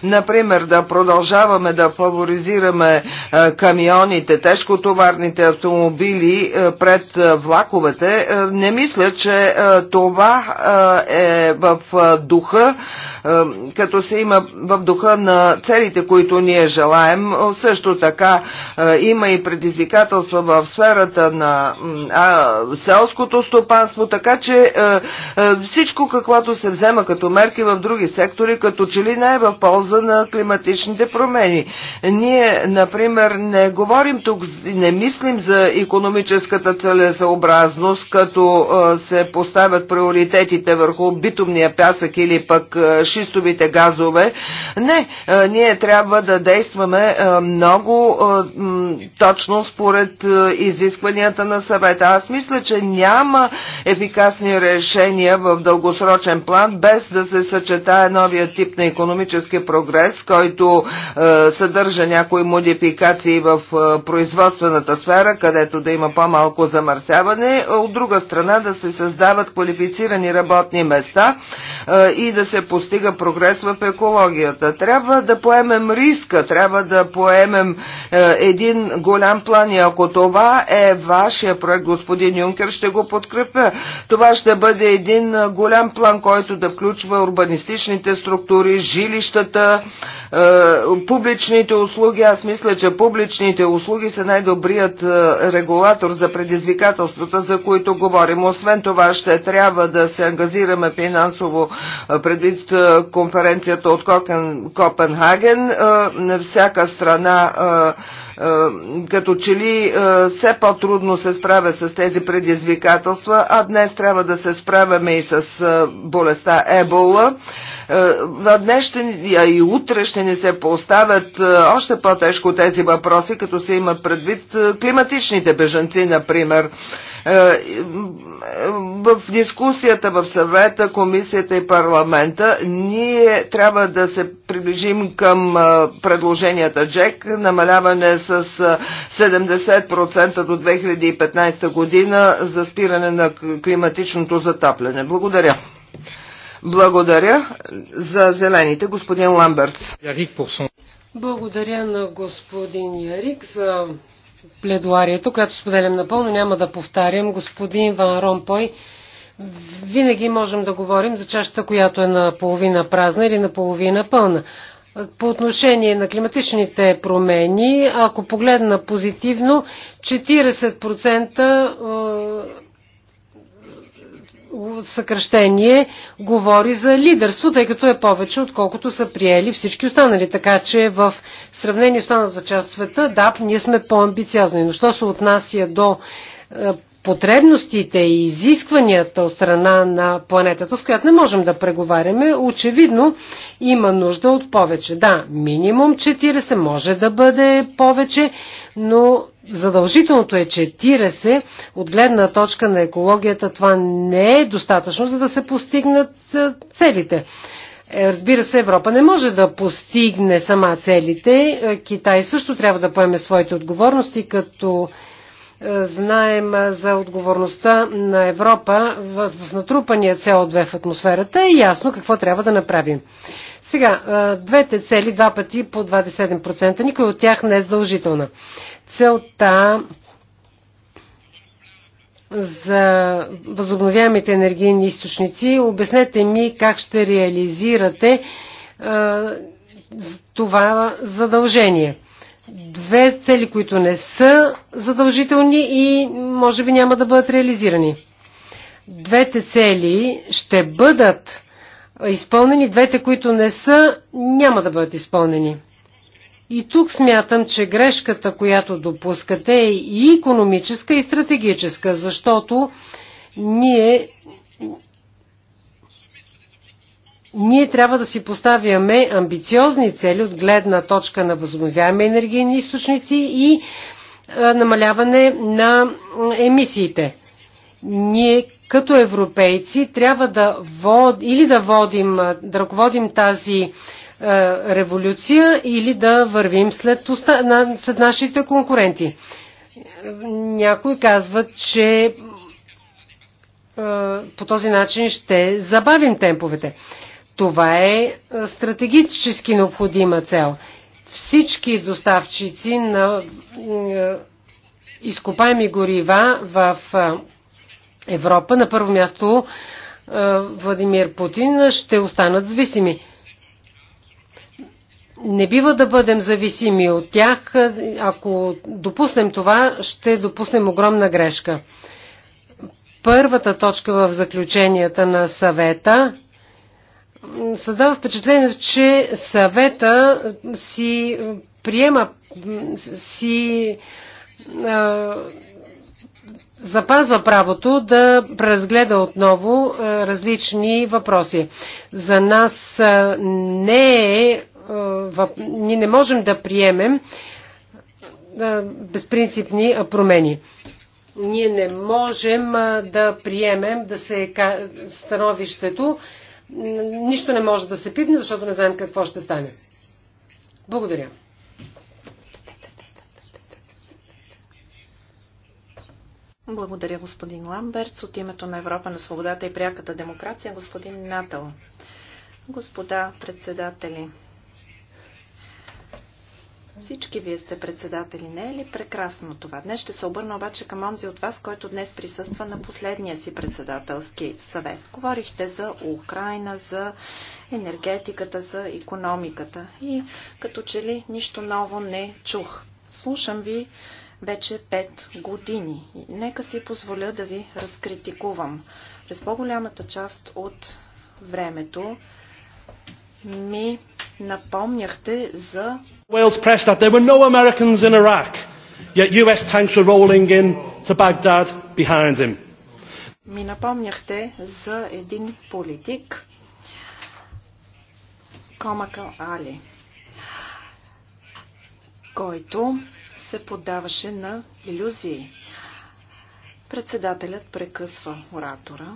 Например, да продължаваме да фаворизираме фаворизираме е, камионите, тежкотоварните автомобили е, пред е, влаковете, не мисля, че това е в духа, като се има в духа на целите, които ние желаем. Също така има и предизвикателства в сферата на селското стопанство, така че всичко, каквото се взема като мерки в други сектори, като че ли не е в полза на климатичните промени. Ние, например, не говорим тук, не мислим за економическата целесообразност, като се поставят приоритетите върху битумния пясък или пък шистовите газове. Не, ние трябва да действаме много точно според изискванията на съвета. Аз мисля, че няма ефикасни решения в дългосрочен план, без да се съчетае новия тип на економически прогрес, който съдържа предложа някои модификации в производствената сфера, където да има по-малко замърсяване, от друга страна да се създават квалифицирани работни места и да се постига прогрес в екологията. Трябва да поемем риска, трябва да поемем един голям план и ако това е вашия проект, господин Юнкер, ще го подкрепя. Това ще бъде един голям план, който да включва урбанистичните структури, жилищата, е, публичните услуги, аз мисля, че публичните услуги са най-добрият е, регулатор за предизвикателствата, за които говорим. Освен това, ще трябва да се ангазираме финансово е, предвид конференцията от Копенхаген. Всяка страна като че ли все по-трудно се справя с тези предизвикателства, а днес трябва да се справяме и с болестта Ебола. Е, днес ще, и утре ще ни се поставят е, още по-тежко тези въпроси, като се има предвид е, климатичните бежанци, например. В дискусията в съвета, комисията и парламента ние трябва да се приближим към предложенията Джек, намаляване с 70% до 2015 година за спиране на климатичното затапляне. Благодаря. Благодаря за зелените, господин Ламбертс. Благодаря на господин Ярик за пледуарието, което споделям напълно, няма да повтарям. Господин Ван Ромпой, винаги можем да говорим за чашата, която е наполовина празна или наполовина пълна. По отношение на климатичните промени, ако погледна позитивно, 40% съкръщение говори за лидерство, тъй като е повече, отколкото са приели всички останали. Така че в сравнение с останалата част от света, да, ние сме по-амбициозни. Но що се отнася до е, потребностите и изискванията от страна на планетата, с която не можем да преговаряме, очевидно има нужда от повече. Да, минимум 40 може да бъде повече, но задължителното е 40. От гледна точка на екологията това не е достатъчно, за да се постигнат целите. Е, разбира се, Европа не може да постигне сама целите. Е, Китай също трябва да поеме своите отговорности, като знаем за отговорността на Европа в, в натрупания CO2 в атмосферата, е ясно какво трябва да направим. Сега, двете цели, два пъти по 27%, никой от тях не е задължителна. Целта за възобновяемите енергийни източници, обяснете ми как ще реализирате а, това задължение Ами, две цели, които не са задължителни и може би няма да бъдат реализирани. Двете цели ще бъдат изпълнени, двете, които не са, няма да бъдат изпълнени. И тук смятам, че грешката, която допускате е и економическа, и стратегическа, защото ние ние трябва да си поставяме амбициозни цели от гледна точка на възобновяеми енергийни източници и намаляване на емисиите. Ние като европейци трябва да вод, или да водим, да ръководим тази е, революция или да вървим след, уста, на, след нашите конкуренти. Някои казват, че е, по този начин ще забавим темповете. Това е, е стратегически необходима цел. Всички доставчици на е, изкопаеми горива в е, Европа, на първо място Владимир Путин, ще останат зависими. Не бива да бъдем зависими от тях. Ако допуснем това, ще допуснем огромна грешка. Първата точка в заключенията на съвета създава впечатление, че съвета си приема, си а, запазва правото да преразгледа отново а, различни въпроси. За нас а, не е, а, въп, ние не можем да приемем а, безпринципни а, промени ние не можем да приемем да се становището, нищо не може да се пипне, защото не знаем какво ще стане. Благодаря. Благодаря, господин Ламберт. От името на Европа на свободата и пряката демокрация, господин Натал. Господа председатели, всички вие сте председатели, не е ли прекрасно това? Днес ще се обърна обаче към онзи от вас, който днес присъства на последния си председателски съвет. Говорихте за Украина, за енергетиката, за економиката и като че ли нищо ново не чух. Слушам ви вече 5 години. нека си позволя да ви разкритикувам. През по-голямата част от времето ми напомняхте за... Wales press that there were no Americans in Iraq, yet US tanks were rolling in to Baghdad behind him. Ми напомняхте за един политик, Комакъл Али, който се поддаваше на иллюзии. Председателят прекъсва оратора.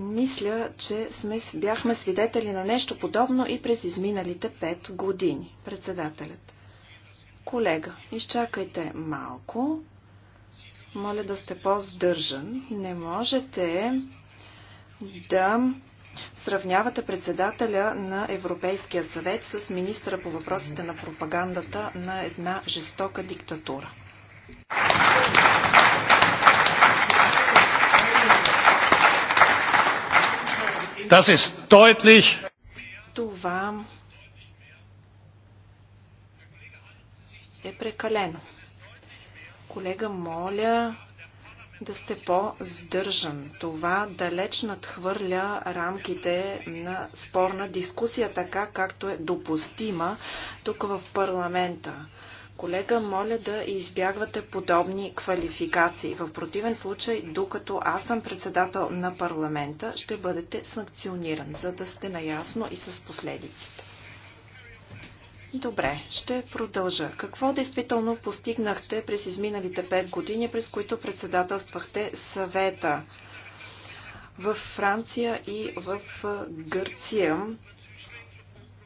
Мисля, че сме, бяхме свидетели на нещо подобно и през изминалите пет години. Председателят. Колега, изчакайте малко. Моля да сте по-здържан. Не можете да сравнявате председателя на Европейския съвет с министра по въпросите на пропагандата на една жестока диктатура. Das ist deutlich. Това е прекалено. Колега, моля да сте по-здържан. Това далеч надхвърля рамките на спорна дискусия, така както е допустима тук в парламента. Колега, моля да избягвате подобни квалификации. В противен случай, докато аз съм председател на парламента, ще бъдете санкциониран, за да сте наясно и с последиците. Добре, ще продължа. Какво действително постигнахте през изминалите 5 години, през които председателствахте съвета? В Франция и в Гърция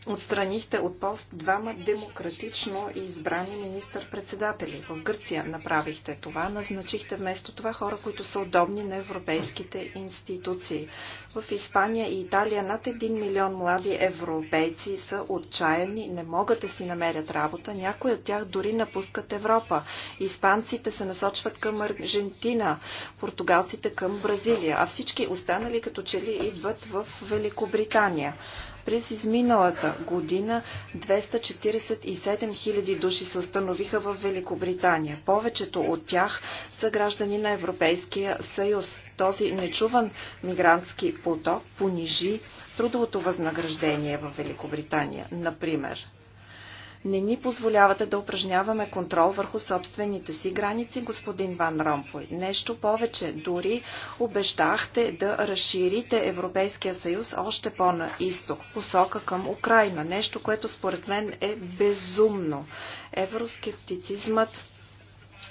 отстранихте от пост двама демократично избрани министър-председатели. В Гърция направихте това, назначихте вместо това хора, които са удобни на европейските институции. В Испания и Италия над 1 милион млади европейци са отчаяни, не могат да си намерят работа, някои от тях дори напускат Европа. Испанците се насочват към Аржентина, португалците към Бразилия, а всички останали като че ли идват в Великобритания. През изминалата година 247 000 души се установиха в Великобритания. Повечето от тях са граждани на Европейския съюз. Този нечуван мигрантски поток понижи трудовото възнаграждение в Великобритания, например. Не ни позволявате да упражняваме контрол върху собствените си граници, господин Ван Ромпой. Нещо повече, дори обещахте да разширите Европейския съюз още по-на изток, посока към Украина. Нещо, което според мен е безумно. Евроскептицизмът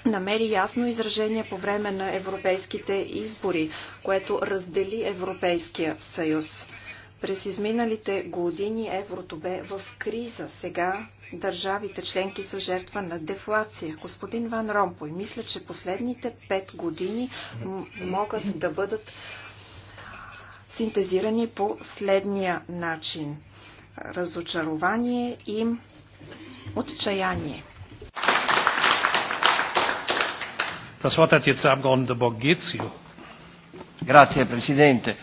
намери ясно изражение по време на европейските избори, което раздели Европейския съюз. През изминалите години еврото бе в криза. Сега държавите членки са жертва на дефлация. Господин Ван Ромпой, мисля, че последните пет години могат да бъдат синтезирани по следния начин. Разочарование и отчаяние. Das Wort hat jetzt der Grazie, Presidente.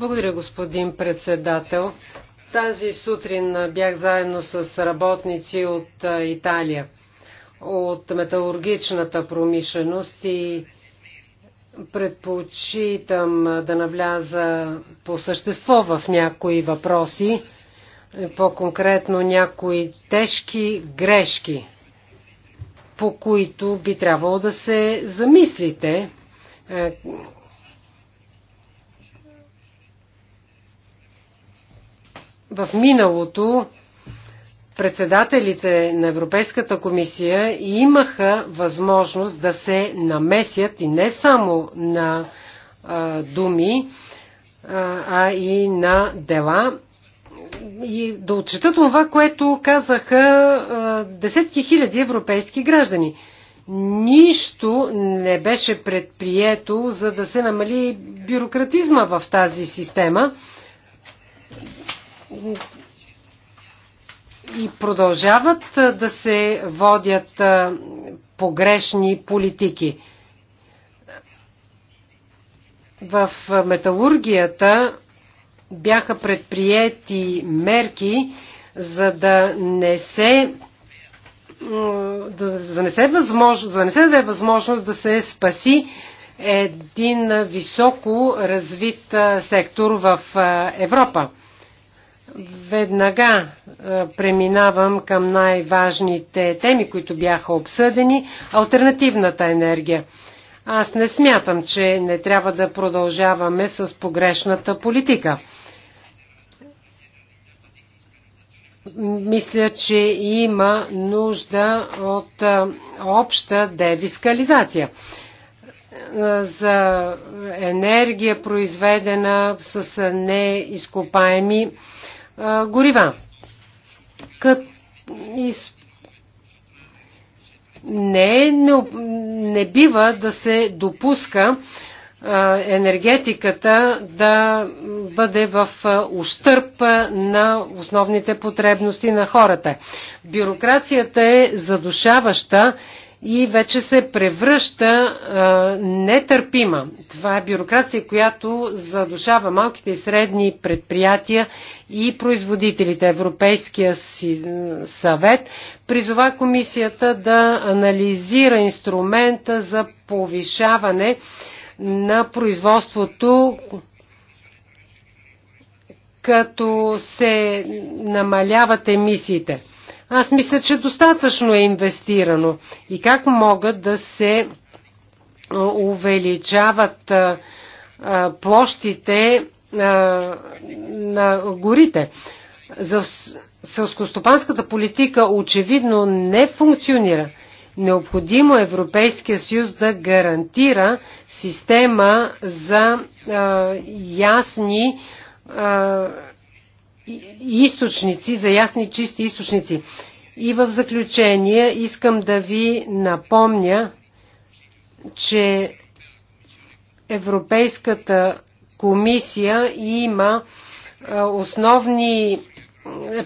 Благодаря, господин председател. Тази сутрин бях заедно с работници от Италия, от металургичната промишленост и предпочитам да навляза по същество в някои въпроси, по-конкретно някои тежки грешки, по които би трябвало да се замислите в миналото председателите на Европейската комисия имаха възможност да се намесят и не само на а, думи, а, а и на дела и да отчитат това, което казаха а, десетки хиляди европейски граждани. Нищо не беше предприето, за да се намали бюрократизма в тази система и продължават да се водят погрешни политики. В металургията бяха предприети мерки, за да не се да не се, възможно, да не се даде възможност да се спаси един високо развит сектор в Европа. Веднага преминавам към най-важните теми, които бяха обсъдени. Альтернативната енергия. Аз не смятам, че не трябва да продължаваме с погрешната политика. Мисля, че има нужда от обща девискализация за енергия, произведена с неизкопаеми горива. Кът, из... не, е не, не бива да се допуска а, енергетиката да бъде в ущърп на основните потребности на хората. Бюрокрацията е задушаваща и вече се превръща а, нетърпима. Това е бюрокрация, която задушава малките и средни предприятия и производителите. Европейския си, е, съвет призова комисията да анализира инструмента за повишаване на производството, като се намаляват емисиите. Аз мисля, че достатъчно е инвестирано. И как могат да се увеличават площите на горите? За селскостопанската политика очевидно не функционира. Необходимо е Европейския съюз да гарантира система за а, ясни а, източници, за ясни чисти източници. И в заключение искам да ви напомня, че Европейската комисия има основни,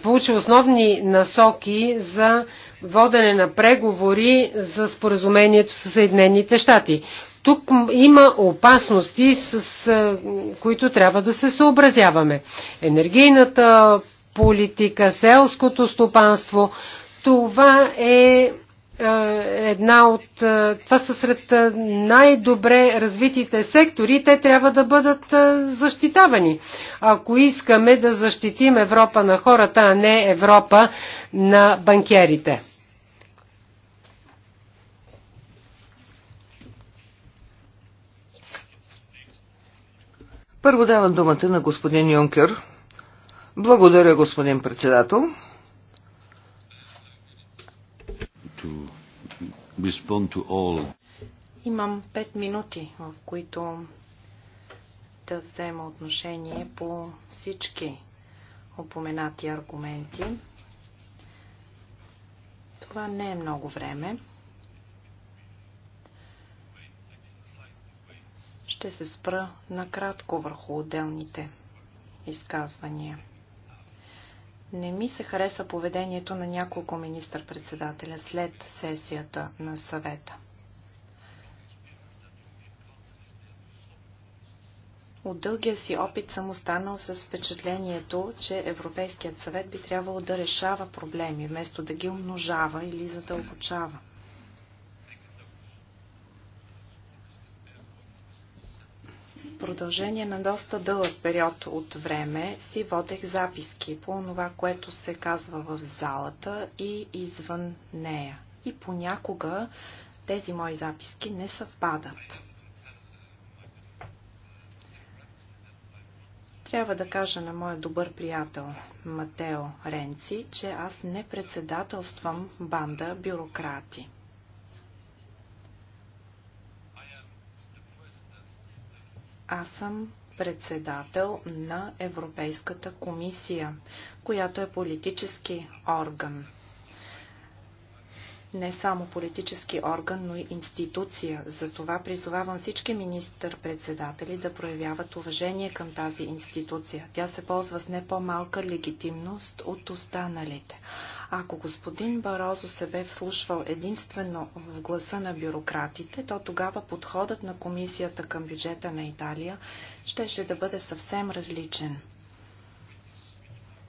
получи основни насоки за водене на преговори за споразумението с Съединените щати. Тук има опасности, с които трябва да се съобразяваме. Енергийната политика, селското стопанство, това е една от... Това са сред най-добре развитите сектори. Те трябва да бъдат защитавани. Ако искаме да защитим Европа на хората, а не Европа на банкерите. Първо давам думата на господин Юнкер. Благодаря, господин председател. Имам пет минути, в които да взема отношение по всички упоменати аргументи. Това не е много време. Ще се спра накратко върху отделните изказвания. Не ми се хареса поведението на няколко министър-председателя след сесията на съвета. От дългия си опит съм останал с впечатлението, че Европейският съвет би трябвало да решава проблеми, вместо да ги умножава или задълбочава. Да продължение на доста дълъг период от време си водех записки по това, което се казва в залата и извън нея. И понякога тези мои записки не съвпадат. Трябва да кажа на моя добър приятел Матео Ренци, че аз не председателствам банда бюрократи. Аз съм председател на Европейската комисия, която е политически орган. Не само политически орган, но и институция. Затова призовавам всички министър-председатели да проявяват уважение към тази институция. Тя се ползва с не по-малка легитимност от останалите. Ако господин Барозо се бе вслушвал единствено в гласа на бюрократите, то тогава подходът на комисията към бюджета на Италия щеше да бъде съвсем различен.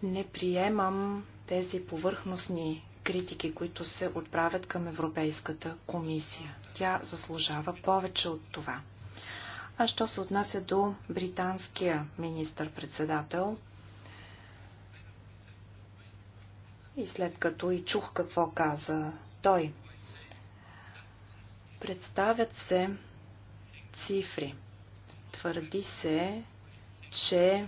Не приемам тези повърхностни критики, които се отправят към Европейската комисия. Тя заслужава повече от това. А що се отнася до британския министър-председател, и след като и чух какво каза той. Представят се цифри. Твърди се, че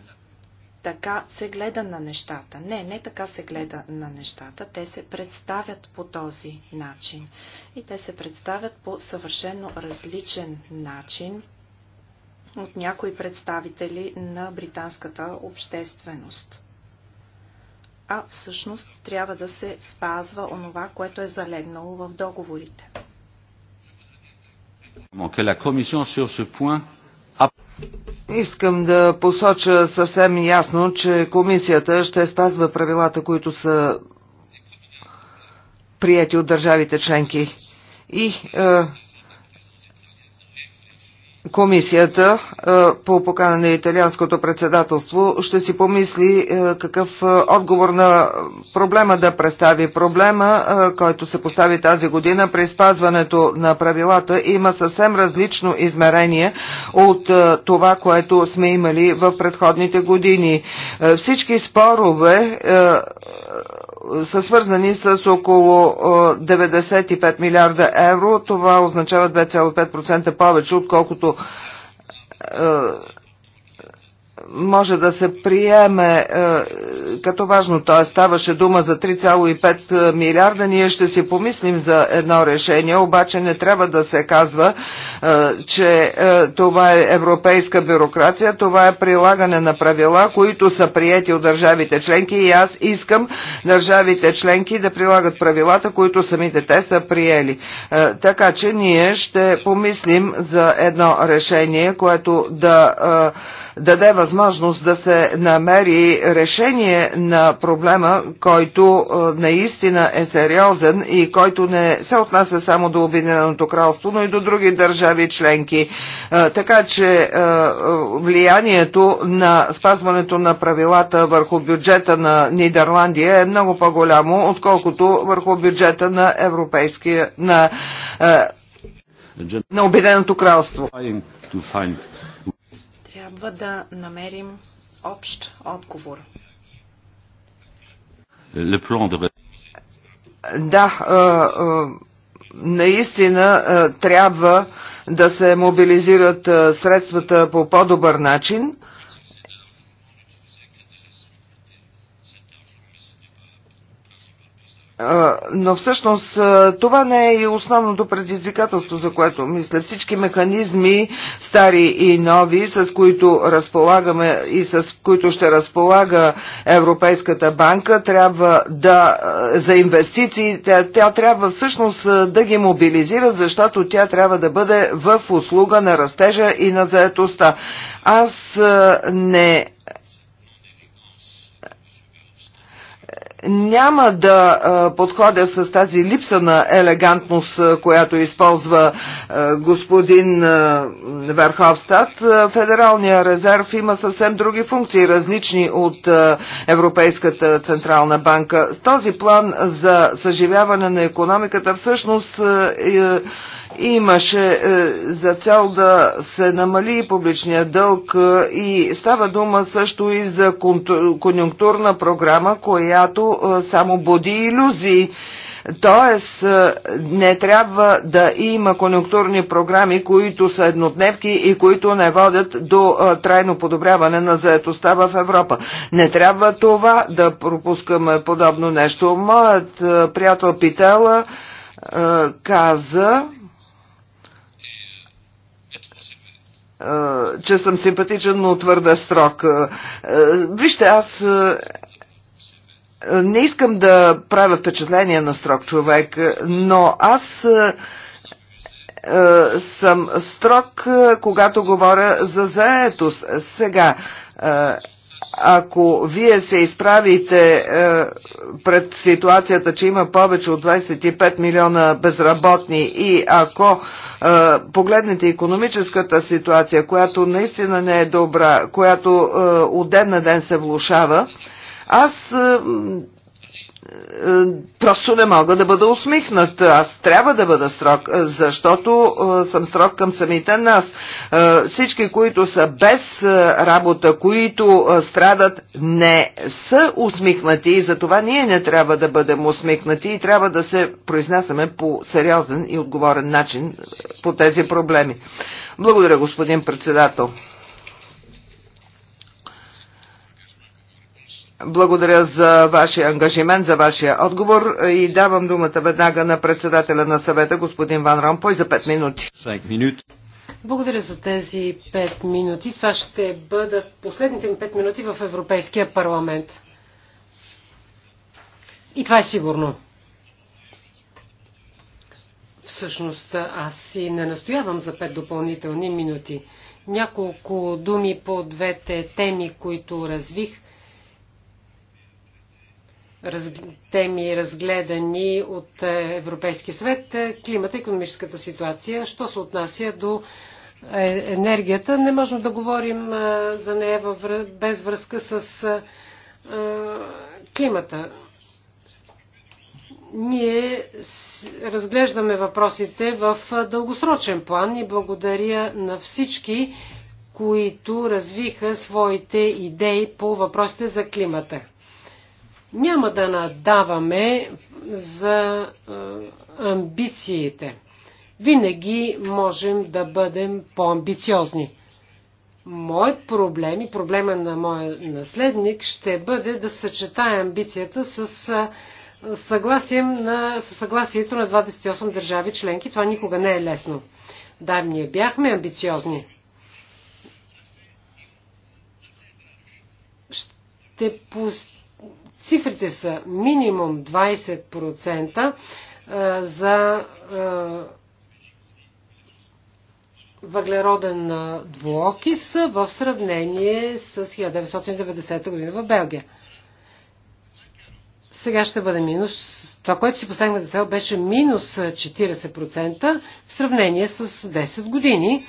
така се гледа на нещата. Не, не така се гледа на нещата. Те се представят по този начин. И те се представят по съвършенно различен начин от някои представители на британската общественост а всъщност трябва да се спазва онова, което е залегнало в договорите. Искам да посоча съвсем ясно, че комисията ще спазва правилата, които са прияти от държавите членки. И е, Комисията е, по покана на италианското председателство ще си помисли е, какъв е, отговор на проблема да представи. Проблема, който се постави тази година при спазването на правилата, има съвсем различно измерение от това, което сме имали в предходните години. Всички спорове са свързани с около 95 милиарда евро. Това означава 2,5% повече, отколкото може да се приеме е, като важно, т.е. ставаше дума за 3,5 е, милиарда, ние ще си помислим за едно решение, обаче не трябва да се казва, е, че това е европейска бюрокрация, това е прилагане на правила, които са приети от държавите членки и аз искам държавите членки да прилагат правилата, които самите те са приели. така че ние ще помислим за едно решение, което да Uh даде възможност да се намери решение на проблема, който е, наистина е сериозен и който не се отнася само до Обединеното кралство, но и до други държави членки. Е, така че е, влиянието на спазването на правилата върху бюджета на Нидерландия е много по-голямо, отколкото върху бюджета на Европейския на, на Обединеното кралство. Трябва да намерим общ отговор. Да, наистина трябва да се мобилизират средствата по по-добър начин. но всъщност това не е и основното предизвикателство, за което мисля. Всички механизми, стари и нови, с които разполагаме и с които ще разполага Европейската банка, трябва да за инвестиции, тя, тя трябва всъщност да ги мобилизира, защото тя трябва да бъде в услуга на растежа и на заетостта. Аз не няма да подходя с тази липса на елегантност, която използва господин Верховстат. Федералния резерв има съвсем други функции, различни от Европейската централна банка. С този план за съживяване на економиката всъщност е имаше е, за цел да се намали публичния дълг е, и става дума също и за конюнктурна програма, която е, само буди иллюзии. Тоест, не трябва да има конюнктурни програми, които са еднодневки и които не водят до трайно подобряване на заетостта в Европа. Не трябва това да пропускаме подобно нещо. Моят приятел Питела каза, че съм симпатичен, но твърде строг. Вижте, аз не искам да правя впечатление на строг човек, но аз съм строг, когато говоря за заетост. Сега, ако вие се изправите е, пред ситуацията, че има повече от 25 милиона безработни и ако е, погледнете економическата ситуация, която наистина не е добра, която е, от ден на ден се влушава, аз е, е, просто не мога да бъда усмихнат. Аз трябва да бъда строг, е, защото е, съм строг към самите нас. Всички, които са без работа, които страдат, не са усмихнати и затова ние не трябва да бъдем усмихнати и трябва да се произнасяме по сериозен и отговорен начин по тези проблеми. Благодаря, господин председател. Благодаря за вашия ангажимент, за вашия отговор и давам думата веднага на председателя на съвета, господин Ван Ромпой, за 5 минути. Благодаря за тези 5 минути. Това ще бъдат последните ми 5 минути в Европейския парламент. И това е сигурно. Всъщност аз и не настоявам за 5 допълнителни минути. Няколко думи по двете теми, които развих – теми, разгледани от е, Европейския съвет, е, климата и економическата ситуация. Що се отнася до е, енергията, не можем да говорим за нея без връзка с климата. Ние разглеждаме въпросите в дългосрочен план и благодаря на всички, които развиха своите идеи по въпросите за климата. Няма да надаваме за амбициите. Винаги можем да бъдем по-амбициозни. Моят проблем и проблема на моя наследник ще бъде да съчетая амбицията с съгласие на, със съгласието на 28 държави членки. Това никога не е лесно. Да, ние бяхме амбициозни. Ще, пус... Цифрите са минимум 20% за въглероден двуокис в сравнение с 1990 година в Белгия. Сега ще бъде минус. Това, което си поставихме за цел, беше минус 40% в сравнение с 10 години.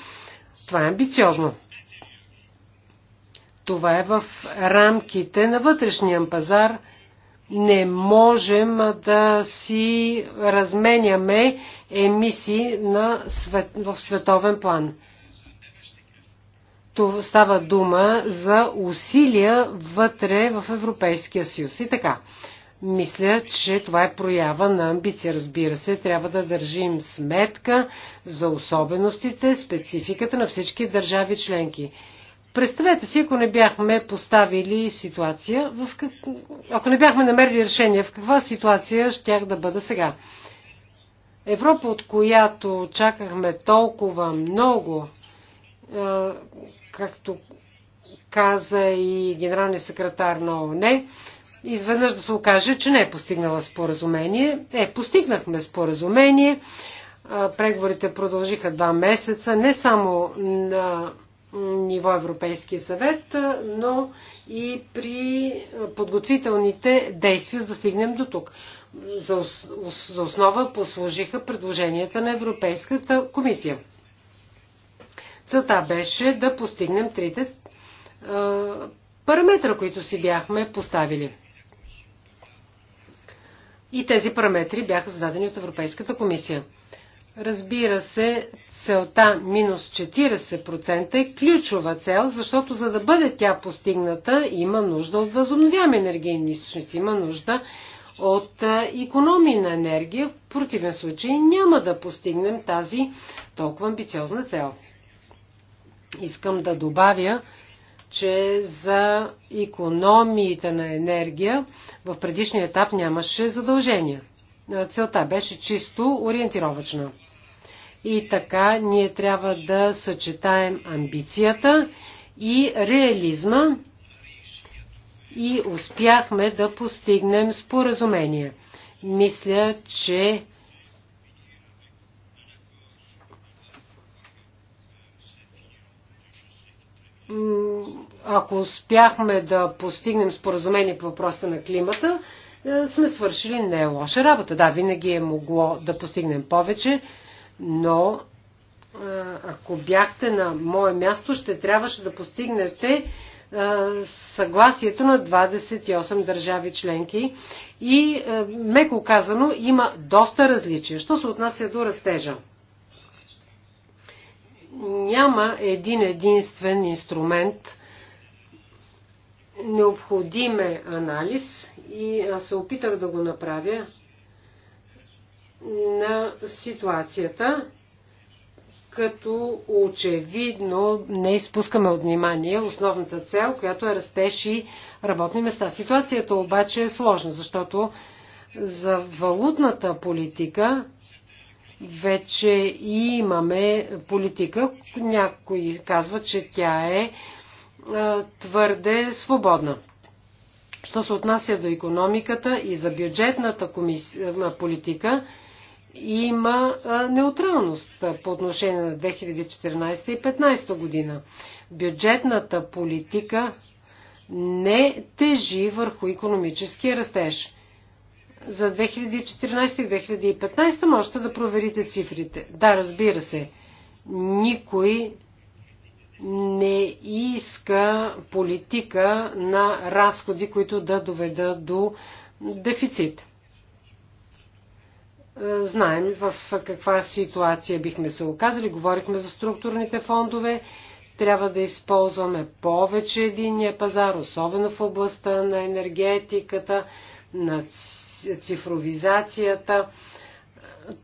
Това е амбициозно. Това е в рамките на вътрешния пазар. Не можем да си разменяме емисии на свет, в световен план. Това става дума за усилия вътре в Европейския съюз. И така, мисля, че това е проява на амбиция. Разбира се, трябва да държим сметка за особеностите, спецификата на всички държави членки. Представете си, ако не бяхме поставили ситуация, в как... ако не бяхме намерили решение, в каква ситуация щях да бъда сега. Европа, от която чакахме толкова много, както каза и генералния секретар на ООН, изведнъж да се окаже, че не е постигнала споразумение. Е, постигнахме споразумение. Преговорите продължиха два месеца. Не само на ниво Европейския съвет, но и при подготвителните действия, за да стигнем до тук. За, за основа послужиха предложенията на Европейската комисия. Целта беше да постигнем трите а, параметра, които си бяхме поставили. И тези параметри бяха зададени от Европейската комисия. Разбира се, целта минус 40% е ключова цел, защото за да бъде тя постигната, има нужда от възобновяеми енергийни източници, има нужда от економии на енергия. В противен случай няма да постигнем тази толкова амбициозна цел. Искам да добавя, че за економиите на енергия в предишния етап нямаше задължения целта беше чисто ориентировачна. И така ние трябва да съчетаем амбицията и реализма и успяхме да постигнем споразумение. Мисля, че ако успяхме да постигнем споразумение по въпроса на климата, е, сме свършили не е лоша работа. Да, винаги е могло да постигнем повече, но е, ако бяхте на мое място, ще трябваше да постигнете е, съгласието на 28 държави членки и, меко казано, има доста различия. Що се отнася до растежа? Няма един единствен инструмент, Необходим е анализ и аз се опитах да го направя на ситуацията, като очевидно не изпускаме от внимание основната цел, която е растеж и работни места. Ситуацията обаче е сложна, защото за валутната политика вече имаме политика. Някои казват, че тя е е, твърде свободна. Що се отнася до економиката и за бюджетната комисия, е, политика, има е, неутралност по отношение на 2014 и 2015 година. Бюджетната политика не тежи върху економическия растеж. За 2014 и 2015 можете да проверите цифрите. Да, разбира се, никой не иска политика на разходи, които да доведат до дефицит. Е, знаем в каква ситуация бихме се оказали. Говорихме за структурните фондове. Трябва да използваме повече единния пазар, особено в областта на енергетиката, на цифровизацията.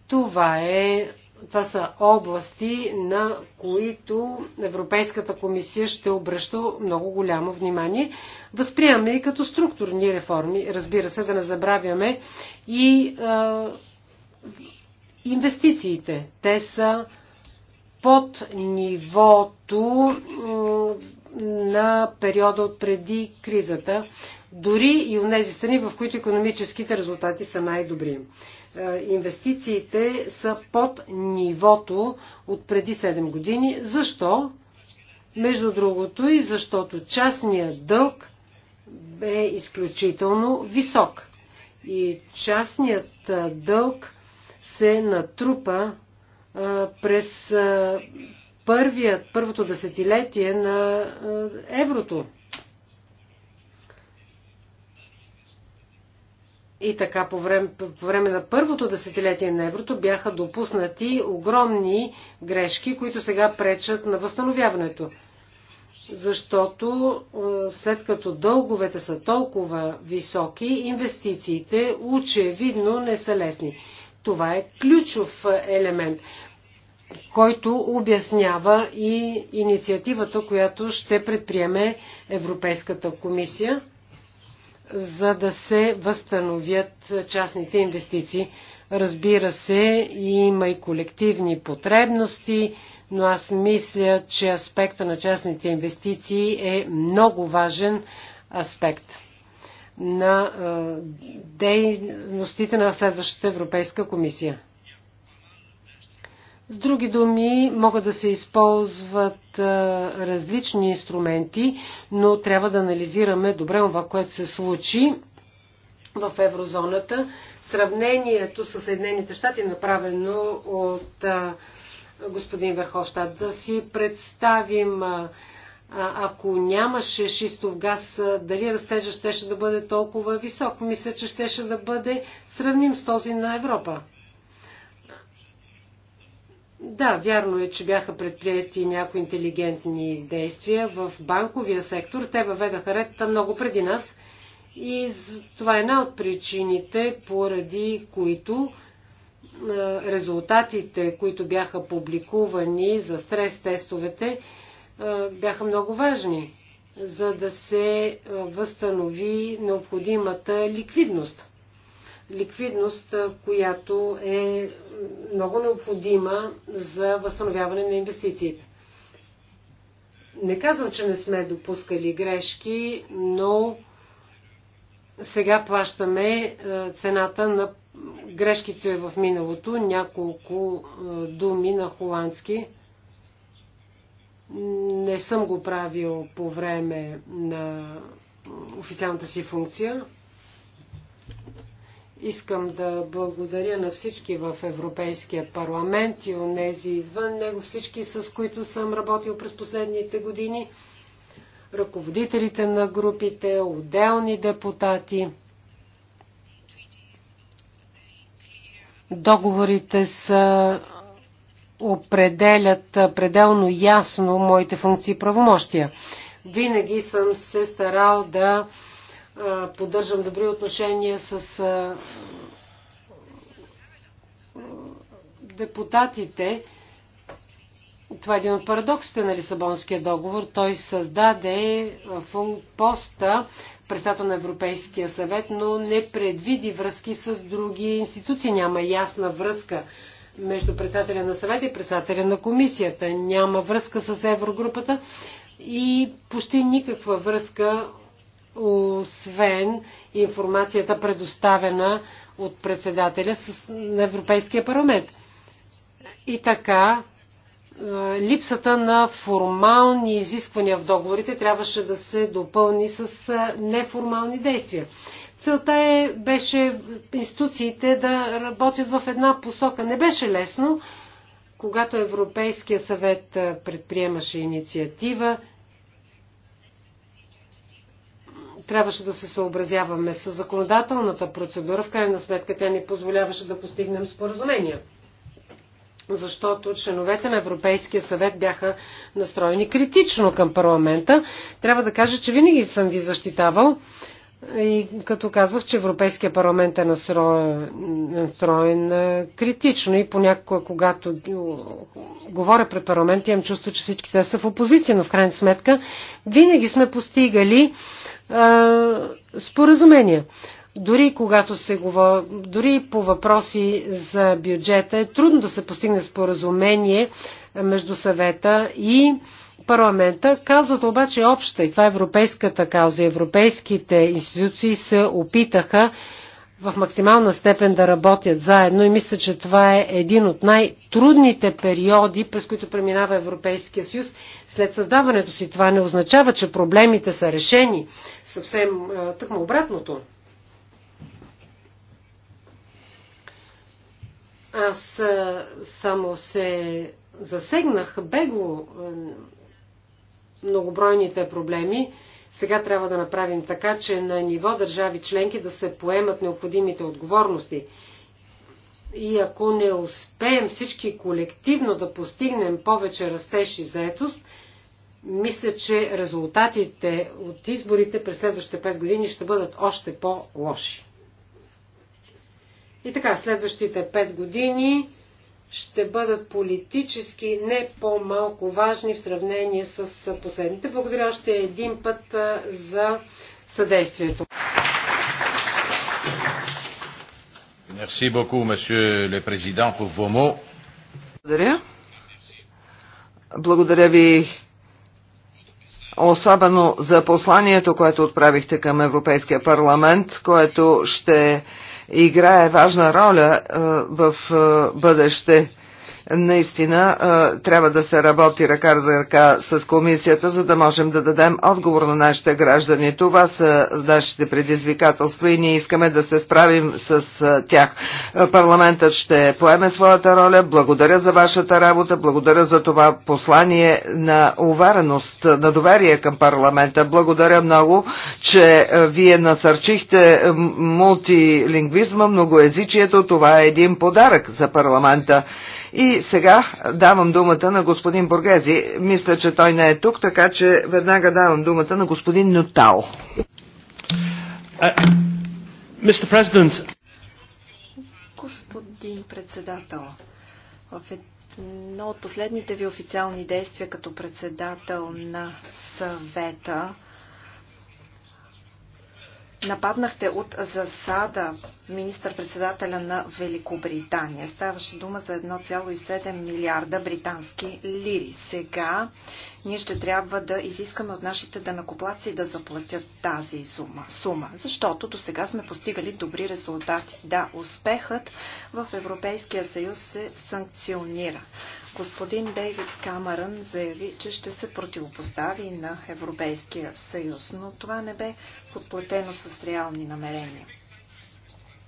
Това е това са области, на които Европейската комисия ще обръща много голямо внимание. Възприемаме и като структурни реформи, разбира се, да не забравяме и а, инвестициите. Те са под нивото на периода от преди кризата, дори и в тези страни, в които економическите резултати са най-добри. Е, инвестициите са под нивото от преди 7 години. Защо? Между другото и защото частният дълг бе изключително висок. И частният е, дълг се натрупа е, през първият, първото десетилетие на еврото. И така, по време, по време на първото десетилетие на еврото бяха допуснати огромни грешки, които сега пречат на възстановяването. Защото е, след като дълговете са толкова високи, инвестициите очевидно не са лесни. Това е ключов елемент, който обяснява и инициативата, която ще предприеме Европейската комисия за да се възстановят частните инвестиции. Разбира се, има и колективни потребности, но аз мисля, че аспекта на частните инвестиции е много важен аспект на дейностите на следващата Европейска комисия. С други думи, могат да се използват различни инструменти, но трябва да анализираме добре това, което се случи в еврозоната. Сравнението с Съединените щати, е направено от господин Верховщад, да си представим ако нямаше шистов газ, дали растежа щеше да бъде толкова висок? Мисля, че щеше да бъде сравним с този на Европа. Да, вярно е, че бяха предприяти някои интелигентни действия в банковия сектор. Те въведаха ред много преди нас и това е една от причините, поради които резултатите, които бяха публикувани за стрес-тестовете, бяха много важни, за да се възстанови необходимата ликвидност ликвидност, която е много необходима за възстановяване на инвестициите. Не казвам, че не сме допускали грешки, но сега плащаме цената на грешките в миналото. Няколко думи на холандски. Не съм го правил по време на официалната си функция. Искам да благодаря на всички в Европейския парламент и онези извън него, всички с които съм работил през последните години, ръководителите на групите, отделни депутати. Договорите са определят пределно ясно моите функции и правомощия. Винаги съм се старал да поддържам добри отношения с депутатите. Това е един от парадоксите на Лисабонския договор. Той създаде поста председател на Европейския съвет, но не предвиди връзки с други институции. Няма ясна връзка между председателя на съвет и председателя на комисията. Няма връзка с Еврогрупата и почти никаква връзка освен информацията предоставена от председателя на Европейския парламент. И така, е, липсата на формални изисквания в договорите трябваше да се допълни с е, неформални действия. Целта е, беше институциите да работят в една посока. Не беше лесно, когато Европейския съвет е, предприемаше инициатива, трябваше да се съобразяваме с законодателната процедура. В крайна сметка тя ни позволяваше да постигнем споразумения. Защото членовете на Европейския съвет бяха настроени критично към парламента. Трябва да кажа, че винаги съм ви защитавал и като казвах, че Европейския парламент е настроен, настроен е, критично и понякога, когато говоря пред парламент, имам чувство, че всички те са в опозиция, но в крайна сметка винаги сме постигали а, е, споразумения. Дори когато се говори, дори по въпроси за бюджета е трудно да се постигне споразумение между съвета и а, парламента. Казват обаче обща и това е европейската кауза. Европейските институции се опитаха в максимална степен да работят заедно и мисля, че това е един от най-трудните периоди, през които преминава Европейския съюз. След създаването си това не означава, че проблемите са решени. Съвсем тъкмо обратното. Аз само се засегнах бегло многобройните проблеми. Сега трябва да направим така, че на ниво държави членки да се поемат необходимите отговорности. И ако не успеем всички колективно да постигнем повече растеж и заетост, мисля, че резултатите от изборите през следващите 5 години ще бъдат още по-лоши. И така, следващите 5 години ще бъдат политически не по-малко важни в сравнение с последните. Благодаря още един път за съдействието. Merci beaucoup, monsieur le président, pour vos mots. Благодаря. Благодаря ви особено за посланието, което отправихте към Европейския парламент, което ще играе важна роля в бъдеще наистина трябва да се работи ръка за ръка с комисията, за да можем да дадем отговор на нашите граждани. Това са нашите предизвикателства и ние искаме да се справим с тях. Парламентът ще поеме своята роля. Благодаря за вашата работа, благодаря за това послание на увареност, на доверие към парламента. Благодаря много, че вие насърчихте мултилингвизма, многоязичието. Това е един подарък за парламента. И сега давам думата на господин Боргези. Мисля, че той не е тук, така че веднага давам думата на господин Нютал. Е, господин председател, в едно от последните ви официални действия като председател на съвета Нападнахте от засада министър-председателя на Великобритания. Ставаше дума за 1,7 милиарда британски лири. Сега ние ще трябва да изискаме от нашите данакоплаци да заплатят тази сума. сума защото до сега сме постигали добри резултати. Да, успехът в Европейския съюз се санкционира. Господин Дейвид Камерън заяви, че ще се противопостави на Европейския съюз, но това не бе подплатено с реални намерения.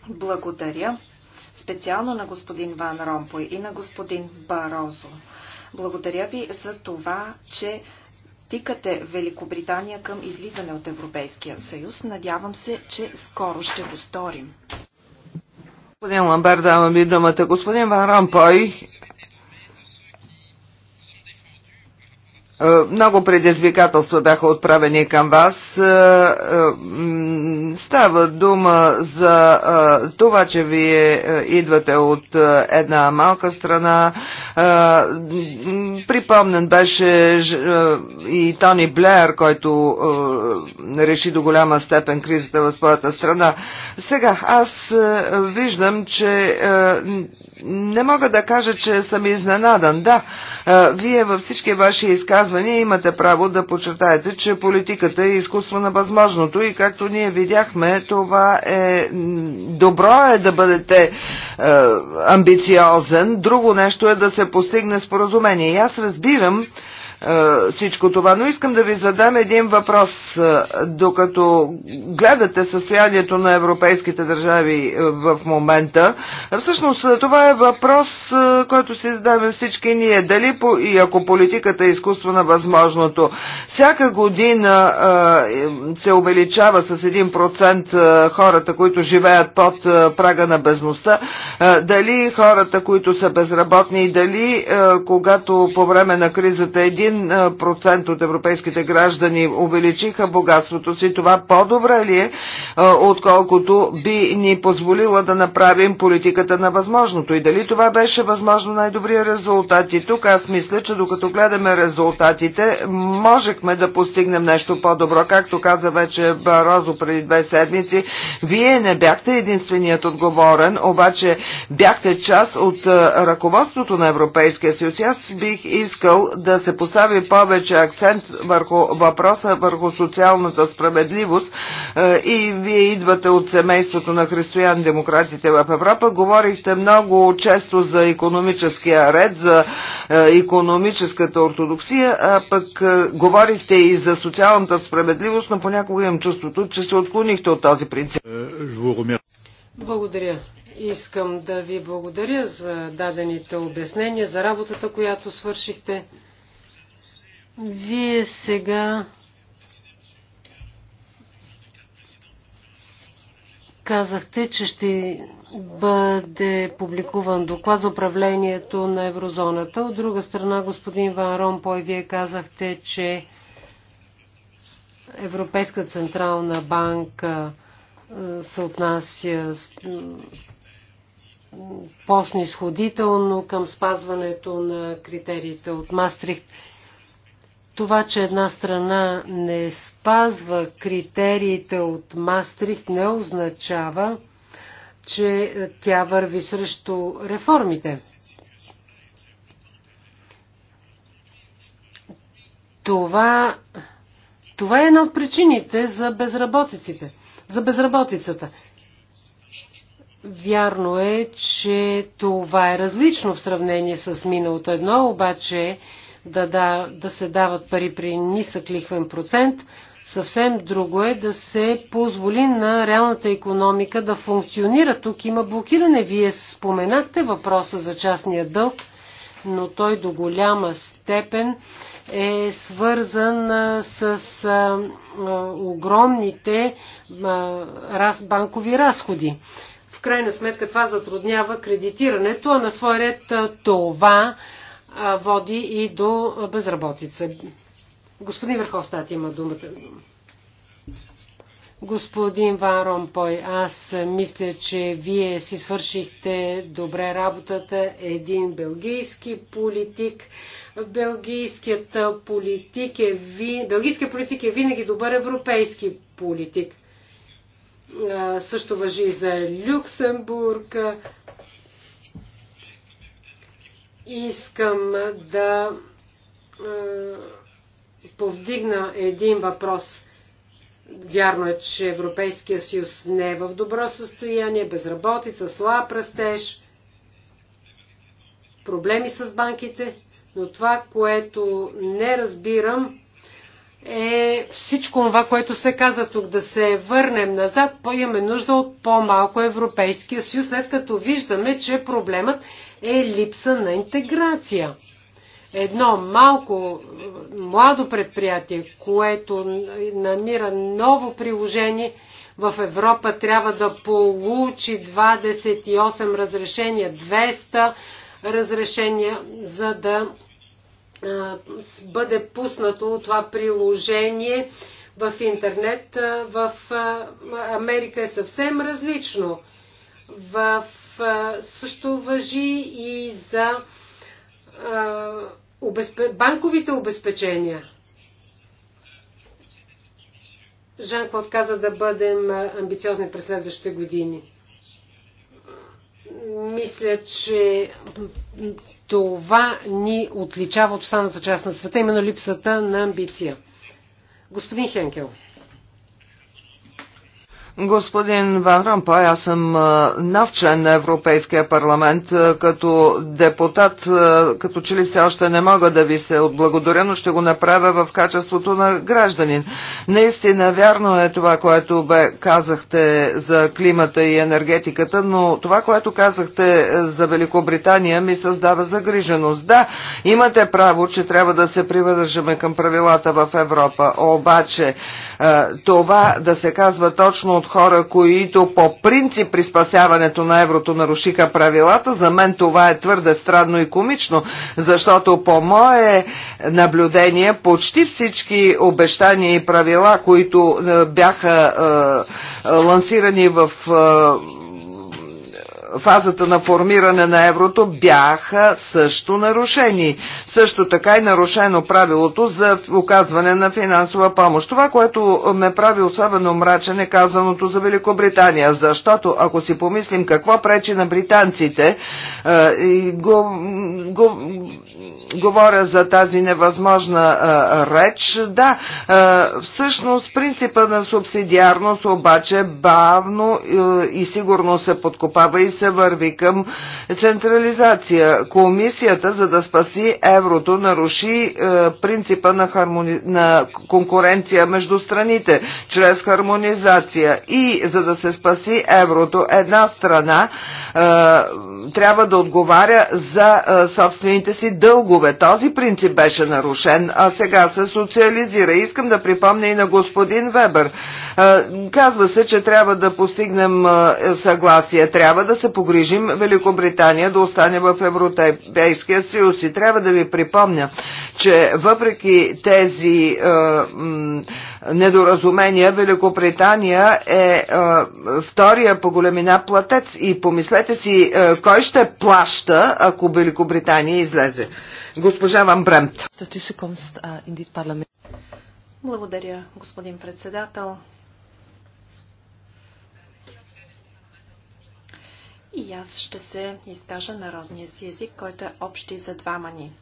Благодаря специално на господин Ван Ромпой и на господин Барозо. Благодаря ви за това, че тикате Великобритания към излизане от Европейския съюз. Надявам се, че скоро ще го сторим. Господин Ламбер, давам ви думата. Господин Ван Ромпой Е, много предизвикателства бяха отправени към вас. Е, е, става дума за това, че вие идвате от една малка страна. Припомнен беше и Тони Блеер, който реши до голяма степен кризата в своята страна. Сега, аз виждам, че не мога да кажа, че съм изненадан. Да, вие във всички ваши изказвания изказвания имате право да подчертаете, че политиката е изкуство на възможното и както ние видяхме, това е добро е да бъдете е, амбициозен, друго нещо е да се постигне споразумение. И аз разбирам, е, всичко това. Но искам да ви задам един въпрос. Е, докато гледате състоянието на европейските държави е, в момента, всъщност това е въпрос, който си задаваме всички ние. Дали и ако политиката е изкуство на възможното, всяка година се увеличава с 1% хората, които живеят под прага на безността, дали хората, които са безработни дали когато по време на кризата един 1% от европейските граждани увеличиха богатството си, това по-добре ли е, отколкото би ни позволила да направим политиката на възможното? И дали това беше възможно най-добрия резултат? И тук аз мисля, че докато гледаме резултатите, можехме да постигнем нещо по-добро. Както каза вече Барозо преди две седмици, вие не бяхте единственият отговорен, обаче бяхте част от ръководството на Европейския съюз. Аз бих искал да се поставя постави повече акцент върху въпроса върху социалната справедливост е, и вие идвате от семейството на християн-демократите в Европа. Говорихте много често за економическия ред, за економическата ортодоксия, а пък е, говорихте и за социалната справедливост, но понякога имам чувството, че се отклонихте от този принцип. Е, благодаря. Искам да ви благодаря за дадените обяснения, за работата, която свършихте. Вие сега казахте, че ще бъде публикуван доклад за управлението на еврозоната. От друга страна, господин Ван Ромпой, вие казахте, че Европейска централна банка е, се отнася по-снисходително към спазването на критериите от Мастрихт. Това, че една страна не спазва критериите от Мастрих, не означава, че е, тя върви срещу реформите. Това, това е една от причините за безработиците, за безработицата. Вярно е, че това е различно в сравнение с миналото едно, обаче да, да, да се дават пари при нисък лихвен процент. Съвсем друго е да се позволи на реалната економика да функционира. Тук има блокиране. Вие споменахте въпроса за частния дълг, но той до голяма степен е свързан с а, а, огромните а, раз, банкови разходи. В крайна сметка това затруднява кредитирането, а на свой ред това води и до безработица. Господин Върховстат има думата. Господин Ван Ромпой, аз мисля, че вие си свършихте добре работата. Един белгийски политик. Белгийският политик е, ви... Белгийският политик е винаги добър европейски политик. Също въжи и за Люксембург. Искам да е, повдигна един въпрос. Вярно е, че Европейския съюз не е в добро състояние, безработица, слаб растеж, проблеми с банките, но това, което не разбирам, е всичко това, което се каза тук, да се върнем назад, имаме нужда от по-малко Европейския съюз, след като виждаме, че проблемът е липса на интеграция. Едно малко младо предприятие, което намира ново приложение в Европа, трябва да получи 28 разрешения, 200 разрешения, за да бъде пуснато това приложение в интернет. В Америка е съвсем различно. В също въжи и за банковите обезпечения. Жан Клод каза да бъдем амбициозни през следващите години. Мисля, че това ни отличава от останата част на света, именно липсата на амбиция. Господин Хенкел. Господин Ван Рампай, аз съм нов член на Европейския парламент като депутат, като че ли все още не мога да ви се отблагодаря, но ще го направя в качеството на гражданин. Наистина вярно е това, което бе, казахте за климата и енергетиката, но това, което казахте е, за Великобритания ми създава загриженост. Да, имате право, че трябва да се привържеме към правилата в Европа, обаче е, това да се казва точно от хора, които по принцип при спасяването на еврото нарушиха правилата, за мен това е твърде странно и комично, защото по мое наблюдение почти всички обещания и правила, които е, бяха е, лансирани в фазата на формиране на еврото бяха също нарушени. Също така и нарушено правилото за оказване на финансова помощ. Това, което ме прави особено мрачен е казаното за Великобритания, защото ако си помислим какво пречи на британците, е, го, го, говоря за тази невъзможна е, реч, да, е, всъщност принципа на субсидиарност обаче бавно и сигурно се подкопава и се се върви към централизация. Комисията, за да спаси еврото, наруши е, принципа на, хармони... на конкуренция между страните чрез хармонизация. И за да се спаси еврото, една страна е, трябва да отговаря за е, собствените си дългове. Този принцип беше нарушен, а сега се социализира. Искам да припомня и на господин Вебер. Е, казва се, че трябва да постигнем е, съгласие. Трябва да се погрижим Великобритания да остане в Европейския съюз. И трябва да ви припомня, че въпреки тези е, недоразумения, Великобритания е, е втория по големина платец. И помислете си, е, кой ще плаща, ако Великобритания излезе? Госпожа Ван Бремт. Благодаря, господин председател. И аз ще се изкажа народния си език, който е общи за двама ни.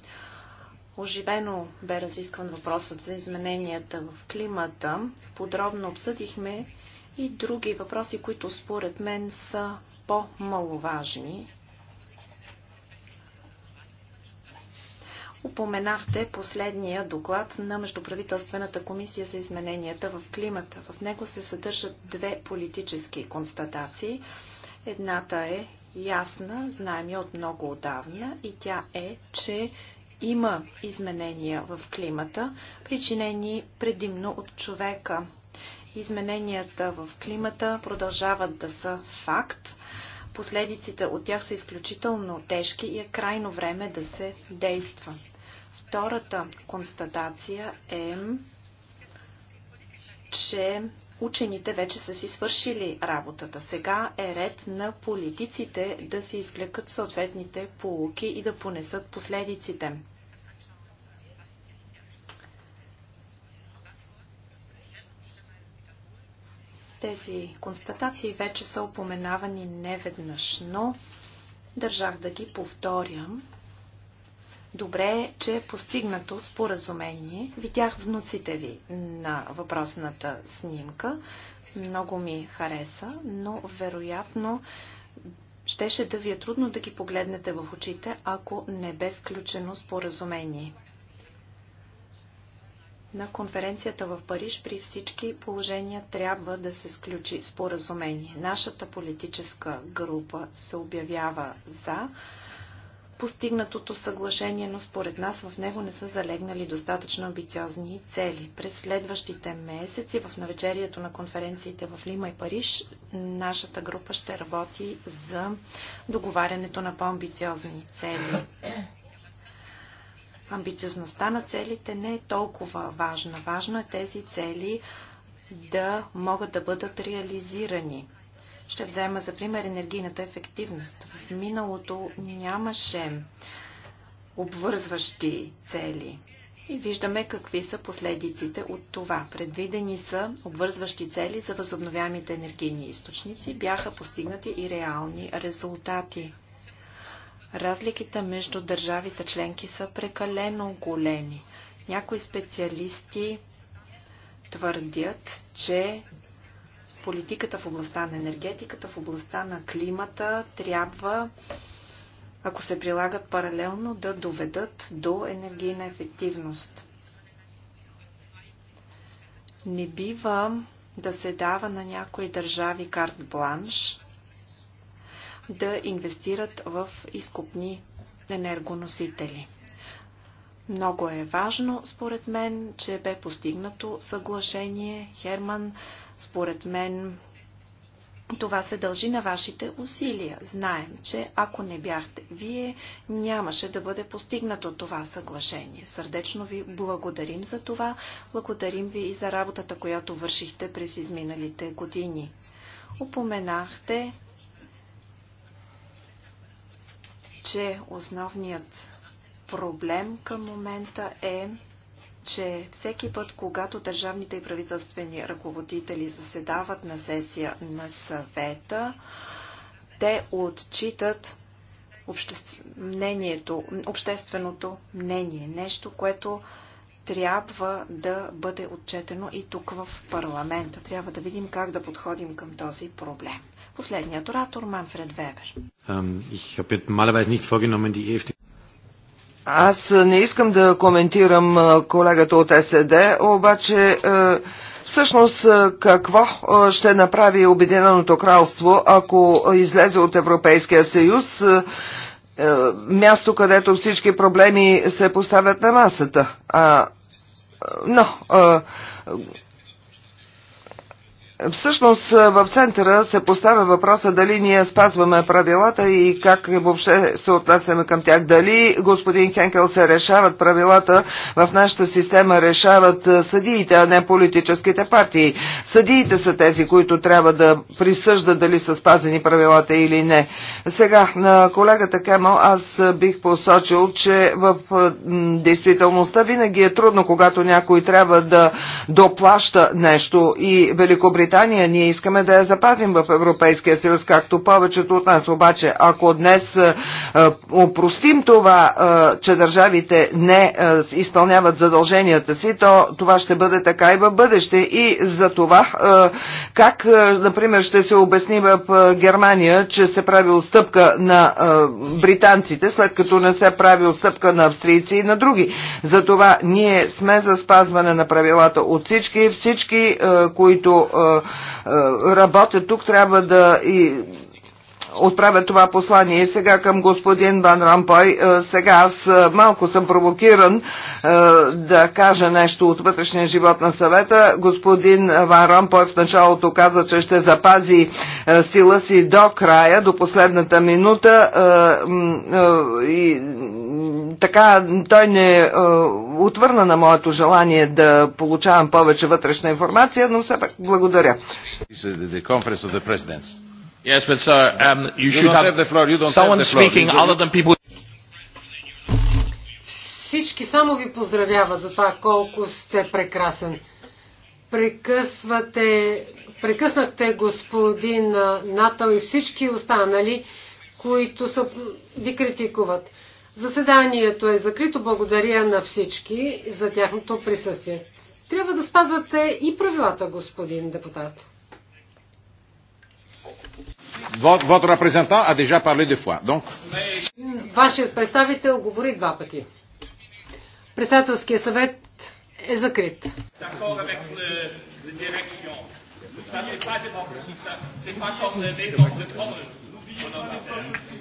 Оживено бе разискван въпросът за измененията в климата. Подробно обсъдихме и други въпроси, които според мен са по-маловажни. Упоменахте последния доклад на Междуправителствената комисия за измененията в климата. В него се съдържат две политически констатации – Едната е ясна, знаем я от много отдавна и тя е, че има изменения в климата, причинени предимно от човека. Измененията в климата продължават да са факт. Последиците от тях са изключително тежки и е крайно време да се действа. Втората констатация е, че учените вече са си свършили работата. Сега е ред на политиците да се извлекат съответните полуки и да понесат последиците. Тези констатации вече са упоменавани неведнъж, но държах да ги повторям, Добре е, че е постигнато споразумение. Видях внуците ви на въпросната снимка. Много ми хареса, но вероятно щеше да ви е трудно да ги погледнете в очите, ако не бе сключено споразумение. На конференцията в Париж при всички положения трябва да се сключи споразумение. Нашата политическа група се обявява за постигнатото съглашение, но според нас в него не са залегнали достатъчно амбициозни цели. През следващите месеци, в навечерието на конференциите в Лима и Париж, нашата група ще работи за договарянето на по-амбициозни цели. Амбициозността на целите не е толкова важна. Важно е тези цели да могат да бъдат реализирани. Ще взема за пример енергийната ефективност. В миналото нямаше обвързващи цели. И виждаме какви са последиците от това. Предвидени са обвързващи цели за възобновяемите енергийни източници, бяха постигнати и реални резултати. Разликите между държавите членки са прекалено големи. Някои специалисти твърдят, че политиката в областта на енергетиката, в областта на климата трябва, ако се прилагат паралелно, да доведат до енергийна ефективност. Не бива да се дава на някои държави карт бланш да инвестират в изкупни енергоносители. Много е важно, според мен, че бе постигнато съглашение. Херман според мен това се дължи на вашите усилия. Знаем, че ако не бяхте вие, нямаше да бъде постигнато това съглашение. Сърдечно ви благодарим за това. Благодарим ви и за работата, която вършихте през изминалите години. Упоменахте, че основният проблем към момента е че всеки път, когато държавните и правителствени ръководители заседават на сесия на съвета, те отчитат обществ... мнението, общественото мнение. Нещо, което трябва да бъде отчетено и тук в парламента. Трябва да видим как да подходим към този проблем. Последният оратор Манфред Вебер. Аз не искам да коментирам колегата от СД, обаче всъщност какво ще направи Обединеното кралство, ако излезе от Европейския съюз, място, където всички проблеми се поставят на масата. но, Всъщност е, в центъра се поставя въпроса дали ние спазваме правилата и как въобще се отнасяме към тях. Дали, господин Хенкел, се решават правилата в нашата система, решават е, съдиите, а не политическите партии. Съдиите са тези, които трябва да присъждат дали са спазени правилата или не. Сега на колегата Кемал аз бих посочил, че в е, действителността винаги е трудно, когато някой трябва да доплаща нещо и Великобритания Великобритания ние искаме да я запазим в Европейския съюз, както повечето от нас. Обаче, ако днес е, е, упростим това, е, че държавите не изпълняват задълженията си, то това ще бъде така и в бъдеще. И за това, как, например, ще се обясни в Германия, че се прави отстъпка на британците, след като не се прави отстъпка на австрийци и на други. За това ние сме за спазване на правилата от всички, всички, които е, работя тук, трябва да и отправя това послание и сега към господин Бан Рампой. Е, сега аз е, малко съм провокиран да кажа нещо от вътрешния живот на съвета. Господин Ван Рампой в началото каза, че ще запази сила си до края, до последната минута и така той не е, отвърна на моето желание да получавам повече вътрешна информация, но все пак благодаря. Um, всички само ви поздравява за това колко сте прекрасен. Прекъсвате, прекъснахте господин Натал и всички останали, които са, ви критикуват. Заседанието е закрито. Благодаря на всички за тяхното присъствие. Трябва да спазвате и правилата, господин депутат. Вашият представител говори два пъти. Председателския съвет е закрит. Ça, pas ça. C'est pas comme les maisons de